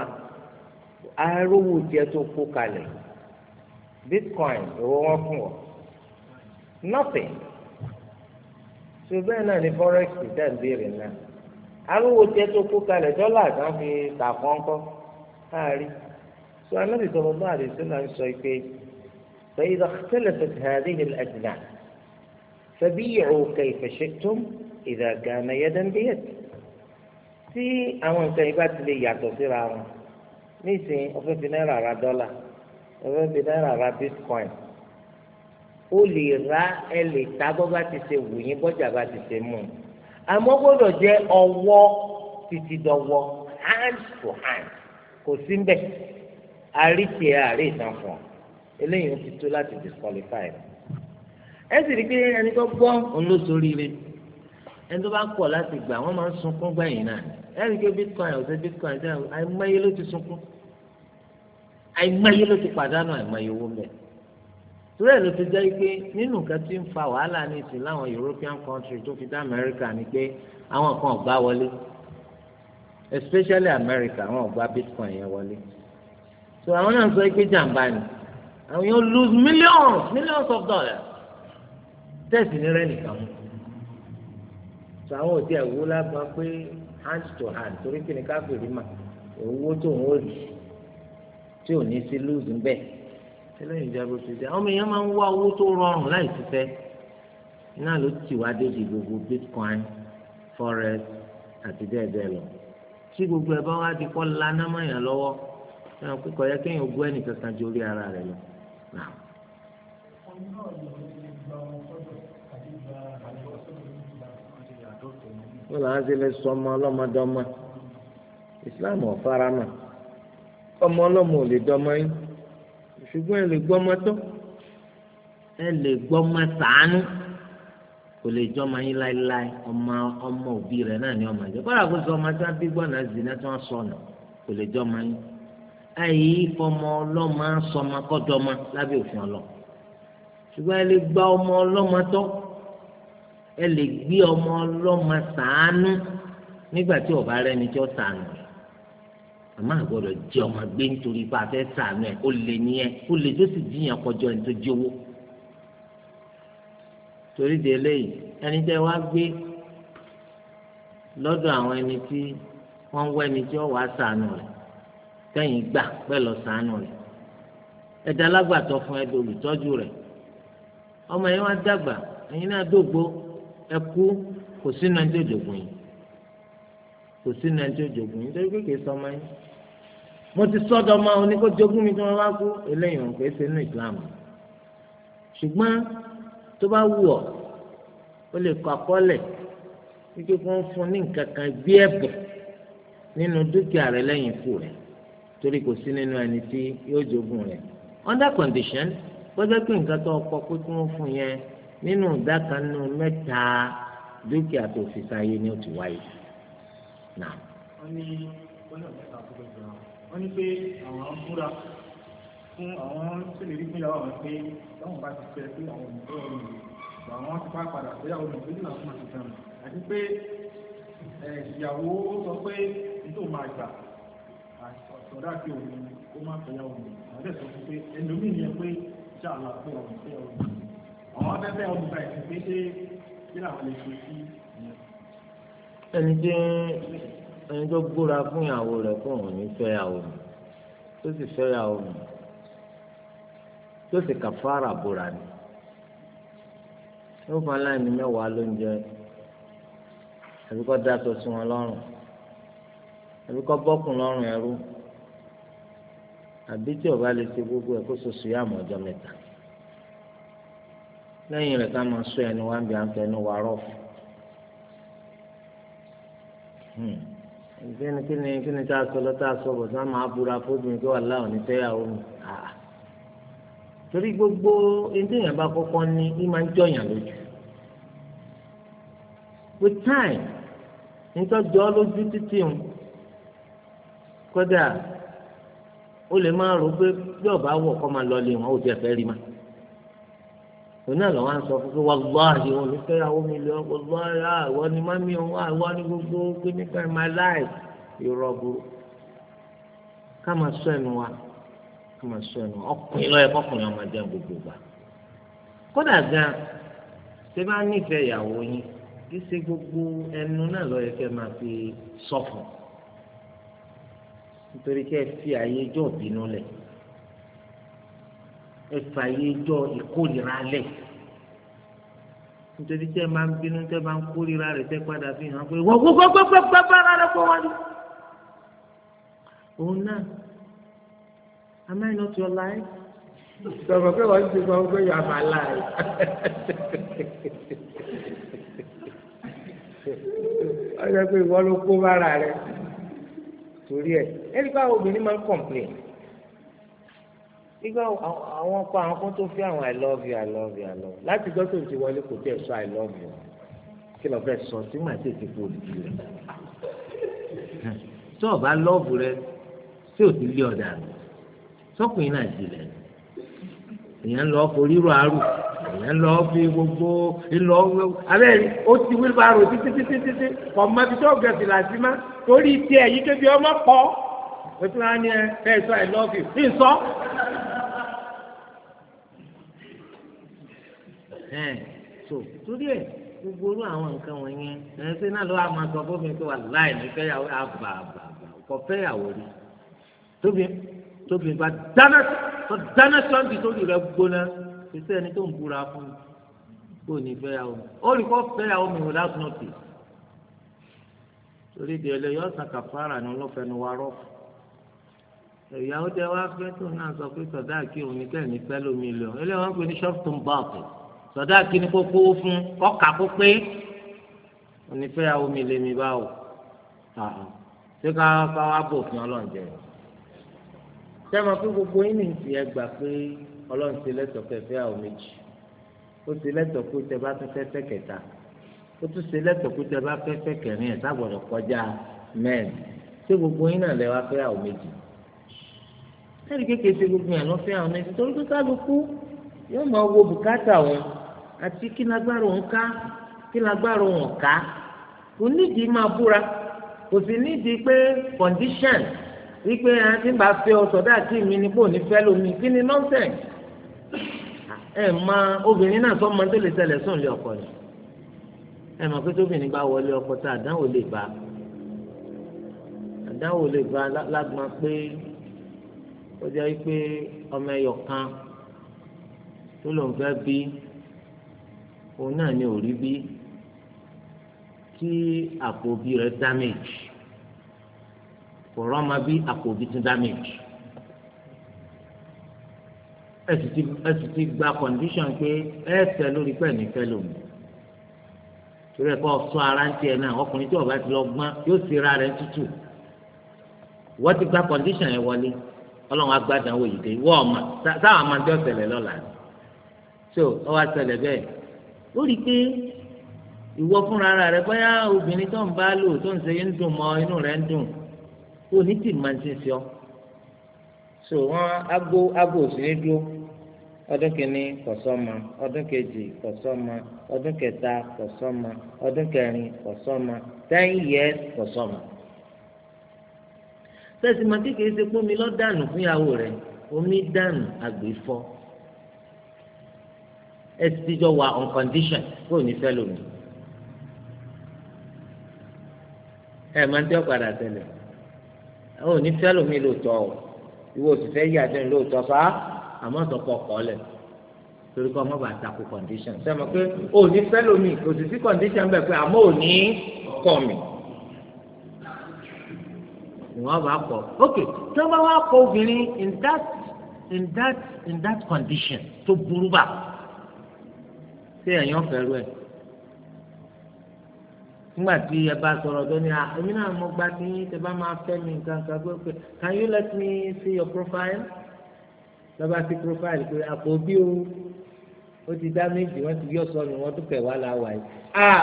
á arówó tiẹ̀ tó kó kalẹ̀ bitcoin owó wọn fún ọ nothing tó bẹ́ẹ̀ náà ní forex tẹ̀ béèrè náà arówó tiẹ̀ tó kó kalẹ̀ dọ́là kan fi tà kọ́ńkọ́ káàrí sọ anábìsọ̀rọ̀ bá àdìsí náà sọ pé فإذا اختلفت هذه الأجناس فبيعوا كيف شئتم إذا كان يدا بيد tí àwọn nǹkan yìí bá ti lè yàtọ̀ síra wọn nísìnyí o fẹ́ fi náírà ra dọ́là o fẹ́ fi náírà ra bitcoin o lè ra ẹ lè ta bọ́ bá ti ṣe wù yín bọ́jà bá ti ṣe mú un àmọ́ gbọ́dọ̀ jẹ́ ọwọ́ títí dọ́wọ́ hand to hand kò sí ń bẹ̀ àríkè àárẹ̀ fún ọ eléyìí ó ti tó láti disqualify rẹ̀ ẹ sì rí i pé ẹni tó gbọ́ òun ló sórí rẹ ẹni tó bá kọ̀ láti gbà wọ́n máa ń sunkún gbẹ̀yìn náà ẹ rí i pé bitcoin ọ̀sẹ̀ bitcoin ṣe àìmọye ló ti sunkún àìmọye ló ti pàdánù àìmọye owó mẹ́ẹ̀ torí ẹ̀ ló ti jẹ́ pé nínú nǹkan tí ń fa wàhálà ní ìsìn láwọn European country tó fi dá America ni pé àwọn kan ò gbà wọlé especially America àwọn ò gbà bitcoin yẹn wọlé so àwọn náà sọ pé jàǹbá ni àwọn yóò lose millions millions of dollars tẹ̀sí ní rẹ̀ nìkan mú tó àwọn òtí ẹ̀ lágbá pé hand to hand torí kí ni káfíìrì mà owó tó ń rí tí ò ní sí lóòzù ń bẹ̀ tẹ́lẹ̀ ìjọba ti dẹ́ àwọn èèyàn máa ń wá owó tó rọrùn láì ṣiṣẹ́ iná ló gbogbo bitcoin forex àti bẹ́ẹ̀ bẹ́ẹ̀ lọ gbogbo ẹ̀ bá wá di kọ́ laná lọ́wọ́ ẹ̀rọ yẹ kéèyàn ara rẹ̀ lọ. wọn làwọn ṣe lè sọ ọmọ ọlọ́mọdọ́mọ ìsìláàmù ọ̀farama ọmọ ọlọ́mọ ò lè dọ́mọ yín ṣùgbọ́n ẹ lè gbọ́mọ tọ́ ẹ lè gbọ́mọ sàánú kò lè jọ́mọ yín láéláé ọmọ ọmọ òbí rẹ̀ náà ni ọmọ ìjọba kọ́ra kó sọ ọmọ tí wọ́n bí gbọ́nà zina tí wọ́n sọnù kò lè jọ́mọ yín àyè fọmọ ọlọ́mọ sọmọ kọ́dọ́mọ lábẹ́ òfin ọlọ́ ṣùgbọ́n ẹ lè gba ọmọ ọlọ́mọ tọ́ ẹ lè gbé ọmọ ọlọ́mọ sàánú nígbà tí ọba rẹ ni tí ó sàánú àmọ́ àgbọ́dọ̀ jẹ ọmọ gbé nítorí bá a fẹ́ sàánú ẹ ó lè ní ẹ ó lè tó sì jiyàn kọjọ ẹni tó jówó torí de eléyìí ẹni tẹ́ wá gbé lọ́dọ̀ àwọn ẹni tí wọ́n ń ẹni tí ó wàá sàánú rẹ kẹ́yìn gbà pẹ́ lọ sàánú rẹ ẹ̀dá alágbàtọ́ fún ẹ dolùtọ́jú rẹ ọmọ yẹn wá dàgbà ẹ̀yin náà dógbó ẹkú kò sínú ẹni tí ó jogún yìí kò sínú ẹni tí ó jogún yìí nítorí kékeré sọmọ yìí mo ti sọ́dọ̀ ma ọ ní kó jogún mi tí wọn bá kú eléyìí wọn kò é ṣe nínú Islam ṣùgbọ́n tó bá wù ọ́ ó lè kọ àkọọ́lẹ̀ wípé kó ń fún ní nǹkan kan bí ẹ̀bùn nínú dúkìá rẹ lẹ́yìn ikú rẹ torí kò sí nínú ẹni tí yóò jogún rẹ under condition wọ́n jẹ́ pé nǹkan tó ọkọ pé kí wọ́n fún yẹn nínú ìdá kan nínú mẹ́ta dúkìá tó fi sáyé ni ó ti wáyé náà. wọ́n ní wọ́n náà mẹ́ta tó gbẹ̀gbẹ̀ wọn wọ́n ní pé àwọn ń búra fún àwọn ṣèlérí fún ìyàwó àwọn pé báwọn bá ti fẹ́ pé àwọn òmùgbé ọ̀rọ̀ ìlú àwọn ti bá padà pé àwọn òmùgbé ìlú àwọn ti fẹ́ràn àti pé ìyàwó ó sọ pé nítorí máa gbà àtọ̀dá kí òun kó má fẹ́yàwó mi àwọn ẹ̀sọ́ fún pé ẹlòmíì yẹ pé ṣáà àwọn afẹ́fẹ́ ọdún báyìí ti pé ṣé kí làwọn lè ṣe sí ẹni tí ẹni tó gbúra fún ìyàwó rẹ̀ fún òun ní fẹ́yàwó mi tó sì fẹ́yàwó mi tó sì kàfàrà búra ni ó fún aláìní mẹ́wàá lóúnjẹ àbí kọ́ dáṣọ sí wọn lọ́rùn àbí kọ́ bọ́kùn lọ́rùn ẹrú àbí tí ó bá lè ṣe gbogbo ẹ̀ kó ṣoṣo yá àmọ́ mẹ́ta. lẹ́yìn rẹ̀ ká máa sọ ẹni wá ń bí àǹfẹ́ ní wa rọ̀ fún hmm. kíni kíni kíni tá a sọ lọ́tà sọ bọ̀ sá máa kí láwọn ah. gbogbo ndị bá kọ́kọ́ ní í máa ń jọ̀yàn lójú with time lójú títí kódà lè máa rò pé bí ọba wọ̀ kọ́ máa lọ oní àlọ́ wa ń sọ fún pé wàláhì wọn ní fẹ́yàwó mi lọ wàláhì àwọn ni mami òun àwọn ni gbogbo kíníkà in my life irọ́ burú ká máa sọ ẹnu wa ká máa sọ ẹnu ọkùnrin lọ́yẹ kọkùnrin ọmọ jẹ́ gbogbo gbà kódà gan ṣé bá nífẹ̀ẹ́ ìyàwó yín kí ṣe gbogbo ẹnu náà lọ́yẹ kẹ́ máa fi sọ fún nítorí kẹ́ fi àyè jọ̀ọ́ bínú lẹ̀ ẹ̀fà yìí jọ nítorí tẹ́ máa ń bínú tẹ́ máa ń kórìíra rẹ̀ tẹ́ padà fi hàn pé wọ́n gbogbo am I not your life? sọ̀rọ̀ pé wọ́n ti sọ pé you life. ọ̀sẹ̀ pé ìwọ ló kó complain nígbà àwọn ọkọ àwọn kan tó fi àwọn i love you i love you i love you láti gbọ́ tó ti wọlé kò tẹ̀ sọ i love you kí lọ́ọ́ fẹ́ sọ tí màá tètè kó òdìdí rẹ̀ tí ọba lọ́ọ̀bù rẹ tí ò ti lé ọ̀dà rẹ sọkùnrin náà jìnlẹ̀ èèyàn lọ forí rọ àrù èèyàn lọ fi gbogbo ìlọ abẹ́ ó ti wí bárò títí títí títí ọmọ ibi tó gẹ̀ẹ́sì làásì má torí tiẹ̀ yìí kébi ọmọ pọ̀ ètò ìrànlẹ́ ẹ̀ sọ i love you ní sọ. ẹ̀ so torí ẹ̀ gbogbo orú àwọn nǹkan wọ̀nyẹn ẹ̀ ṣe náà ló wà máa sọ fún mi pé wà láì ní fẹ́yàwó àbà àbà kò fẹ́yàwó rí tóbi tóbi bá dáná tó dáná sọ́ǹdì tóbi rẹ̀ gbóná ṣiṣẹ́ ẹni tó ń búra fún mi kó o ní fẹ́yàwó mi olùkọ́ fẹ́yàwó mi wò láti nọ̀tì torí di ẹlẹ́yọ̀ ọ̀sán kàfàrà ni ọlọ́fẹ́ni wa rọ̀ ìyàwó tẹ wá fẹ́ tó náà sọ pé sọ̀dá àkíyèwò ní kẹ́ẹ̀ ní pẹ́ lómi lọ ẹlẹ́wọ̀n pè ní ṣọ́ọ̀tún báàkì sọdá kìíní kó kówó fún kọ́ka kó pé onífẹ́yàwó mi lè mi báwò ṣé ká ká wá bòfin ọlọ́run jẹ sẹ́wọ̀n pé gbogbo yín nìyí ẹ gbà pé ọlọ́run ti lẹ́tọ̀ọ́ pé fẹ́yàwó méjì ó ti lẹ́tọ̀ọ́ pé tẹ bá tún fẹ́ fẹ́ kẹta ó tún ṣe lẹ́tọ̀ọ́ pé tẹ bá fẹ́ kẹrin ẹ̀ sábọ̀dọ̀ kọjá mẹ́rin ṣé gbogbo yín náà lẹ wá fẹ́yàwó méjì ẹ̀rí kékeré ṣe gbogbo yàn lọ fẹ́yàwó méjì torí pé kálukú yóò máa wo bùkátà wọn àti kí lágbára òun ká kí lágbára òun ká kò máa búra kò sì nídìí pé condition wípé ẹ ti ń bá fẹ́ ọ sọ̀dá àti mi ni kò ní fẹ́ lómi kí ni nonsense ẹ mọ obìnrin náà sọmọ tó lè ṣẹlẹ̀ sùn lé ọkọ ni ẹ mọ pé tóbìnrin bá wọlé ọkọ tá àdánwò lè bá àdánwò lè bá lágbọn pé ó jẹ́ pé ọmọ ẹyọ kan tó lòun fẹ́ bí òun náà ni òrí bí kí àpòbí rẹ̀ damage kò rọ́mọ bí àpòbí tún damage ẹ sì ti gba condition pé ẹ fẹ́ lórí pẹ̀ ní fẹ́ lòun torí ẹ kọ́ sọ ara ń tiẹ̀ náà ọkùnrin tí ọba ti lọ gbọ́n yóò sì ra rẹ̀ tútù wọ́n ti gba condition yẹn wọlé ọlọ́run agbádàn wò yìí dé wọ́ọ̀ mà táwọn máa ń dẹ́ ọ̀sẹ̀ lẹ̀ so ọwọ́ àtẹlẹ bẹ́ẹ̀ ó rí i pé ìwọ fúnra rẹ bóyá obìnrin tó ń bá lò tó ń ṣe ń dùn mọ́ inú rẹ ń dùn kó ní tì máa ń ṣe ṣe ọ so wọn ago ago òsínì dúró ọdún kìíní kọsọọma ọdún kejì kọsọọma ọdún kẹta kọsọọma ọdún kẹrin kọsọọma ten years kọsọọma sẹ́sìmọ́ kékeré ṣe pómi lọ́dànù fún ìyàwó rẹ̀ omi dànù àgbẹ̀fọ́ ẹ sì jọ wà on condition kó o ní fẹ́ lómi. ẹ máa ń tẹ́ padà tẹ́lẹ̀ ó ní fẹ́ lómi lóòótọ́ o ìwọ sì fẹ́ yíyá jẹun lóòótọ́ fa àmọ́ sọ̀kọ̀ ọ̀kọ́ lẹ̀ torí kọ́ ọmọ bá takò condition sẹ́mi pé ó ní fẹ́ lómi kò sì sí condition bẹ́ẹ̀ pé àmọ́ ò ní kọ́ mi ìwọ́n bá kọ́ ok tí wọ́n bá wá kọ́ obìnrin in that in that in that condition tó burú báà ṣé ẹ̀yàn fẹ́rù ẹ̀ nígbà tí ẹ bá sọ̀rọ̀ tó ní èmi náà mo gba tí tẹ bá máa fẹ́ mi nǹkan kan pé pé can you let me see your profile lọ́ba sí profile pé àpò bí o ó ti dá méjì wọ́n ti yọ sọnù wọ́n tún kẹ̀ wá la wà yìí ah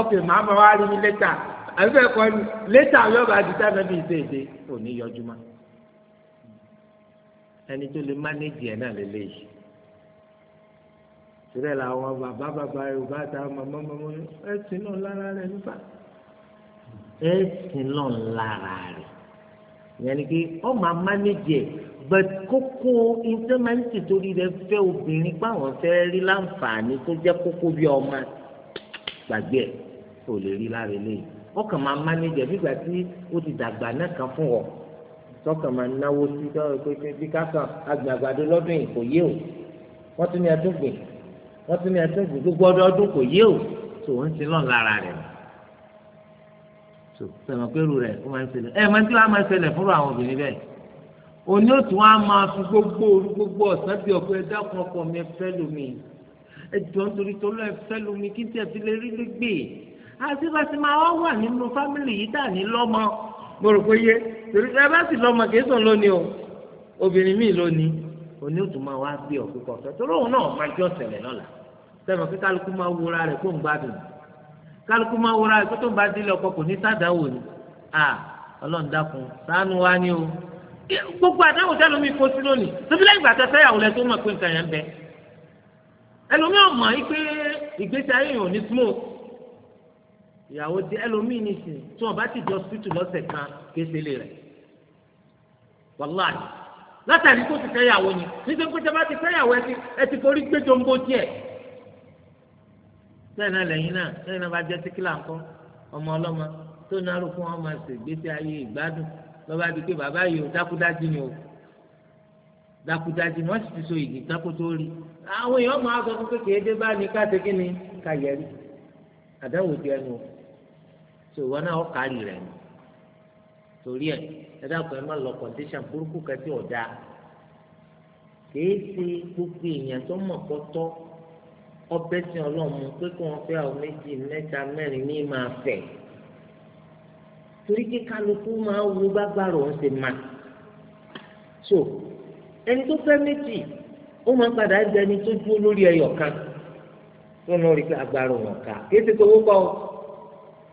ọkè màá bá wá rí mi lẹ́tà àbí bẹ́ẹ̀ kọ́ ni lẹ́tà yọba àti tábẹ́bí ìṣe èdè kò ní yọjú mọ́ ẹni tó lè mánéjì ẹ̀ náà lélẹ́yìí tirẹ̀ làwọn bàbá bàbá yorùbá ta màmá màmá ẹ sì náà lára rẹ̀ nípa ẹ náà lára rẹ̀ yẹn pé ọmọ amánéjì ẹ̀ but kókó ìtẹ́mẹ́ǹtì torí rẹ̀ fẹ́ obìnrin báwọn fẹ́ rí láǹfààní tó jẹ́ kókó bí ọmọ gbàgbé ẹ̀ ò lè rí lára eléyìí ọkàn máa mánéjì ẹ̀ nígbà tí ó ti dàgbà náà kan fún ọ tọkàn máa náwó sí tọ́ ẹ pé bí kákan agbàgbàdo lọ́dún yìí kò yé o wọ́n tún ní ẹdún wọ́n tún ní ẹtún kù gbogbo ọdọọdún kò yé o tó ń sin lọ́n lára rẹ̀ tó sọ̀rọ̀ pẹ̀lú rẹ̀ ó máa ń ṣẹlẹ̀ ẹ̀ máa ń tí wọ́n á máa ṣẹlẹ̀ fúnra àwọn obìnrin bẹ́ẹ̀ òní ó tún á máa fi gbogbo òru gbogbo ọ̀sán bí ọ̀pẹ ẹ̀dá kan ọkọ mi fẹ́ lómi ẹ̀jọ̀ nítorí tó lọ́ọ́ fẹ́ lómi kí n tẹ̀ fi lè rí lé gbé àti bá ti máa wá wà nínú fámìlì yìí tà ní lọ́mọ mo rò pé yé torí ẹ bá sì lọ́mọ kì í sùn lónìí o obìnrin míì lónìí oní òtún máa wá gbé ọ̀pẹ kọ̀ọ̀tọ̀ torí òun náà máa jọ ṣẹlẹ̀ lọ́la sẹ́wọ̀n pé kálukú máa wúra rẹ̀ kó ń gbádùn kálukú máa wúra rẹ̀ kó tó ń bá délé ọkọ kò ní sádàáwò ni à ọlọ́run dákun ṣàánú wa ni o gbogbo àdáwò dáná mi kó sí lónìí tóbi lẹ́yìn ìgbàtẹ́ fẹ́yàwó lẹ tó mọ̀ pé nǹkan yẹn ń bẹ ẹlòmíì ọ̀mọ̀ yìí pé ìgbésí ayé yìí ò ní smoke ìyàwó di ẹlòmíì nìsín tí wọn bá ti di hospital lọ́sẹ̀ kan kéṣe lè rẹ̀ wàláhì látàrí kó ti fẹ́yàwó ni nítorí pé tẹ́lá ti fẹ́yàwó ẹ ti forí gbé jombo tiẹ̀. bẹ́ẹ̀ náà lẹ́yìn náà lẹ́yìn náà bá jẹ́ síkìlà ńkọ́ ọmọ ọlọ́mọ tó náró fún wọn máa ṣègbésí ayé ìgbádùn lọ́ba di pé bàbá yìí ò dákúdájí ni o dákúdájí ni wọ́n sì ti so ìgì dákútó rí àwọn èèyàn máa sọ fún kékeré dé bá ní káṣe kí ni kàyẹ́rì àdáwò di ẹnu o ẹ dákun ẹ má lọ kọ̀ǹdíṣàn burúkú kẹtí ọ̀dà kìí ṣe gbogbo èèyàn tó mọ̀ pọ́tọ́ ọbẹ̀ tí ọlọ́run pé kí wọ́n fẹ́ àwọn méjì mẹ́ta mẹ́rin ní máa fẹ̀ torí kí kálukú máa wo gbágbárò ń ṣe máa so ẹni tó fẹ́ méjì ó máa padà jẹ ẹni tó dúró lórí ẹyọ kan tó lọ rí pé agbára wọn ká kìí ṣe tó wọ́pọ̀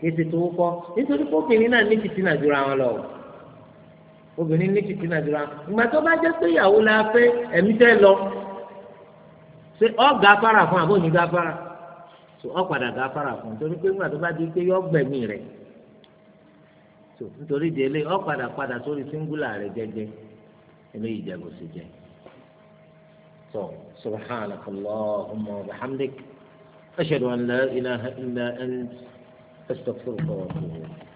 kìí tó wọ́pọ̀ nítorí pé obìnrin náà ní fìtínà jura wọn lọ obìnrin ní kìtì náà jura ìgbà tó bá jẹ́ pé ìyàwó la fẹ́ ẹ̀mí fẹ́ lọ ṣe ọ̀gá fara fún àbóyí gá fara so ọ̀padà gá fara fún torí pé ìgbà tó bá di pé yọ̀gbẹ̀mí rẹ̀ so nítorí délé ọ̀padà padà sórí síngúlà rẹ̀ jẹ́jẹ́ eléyìí jẹ́ bó ṣe so subhanaka allahumma wa bihamdik ashhadu an la ilaha illa ant astaghfiruka wa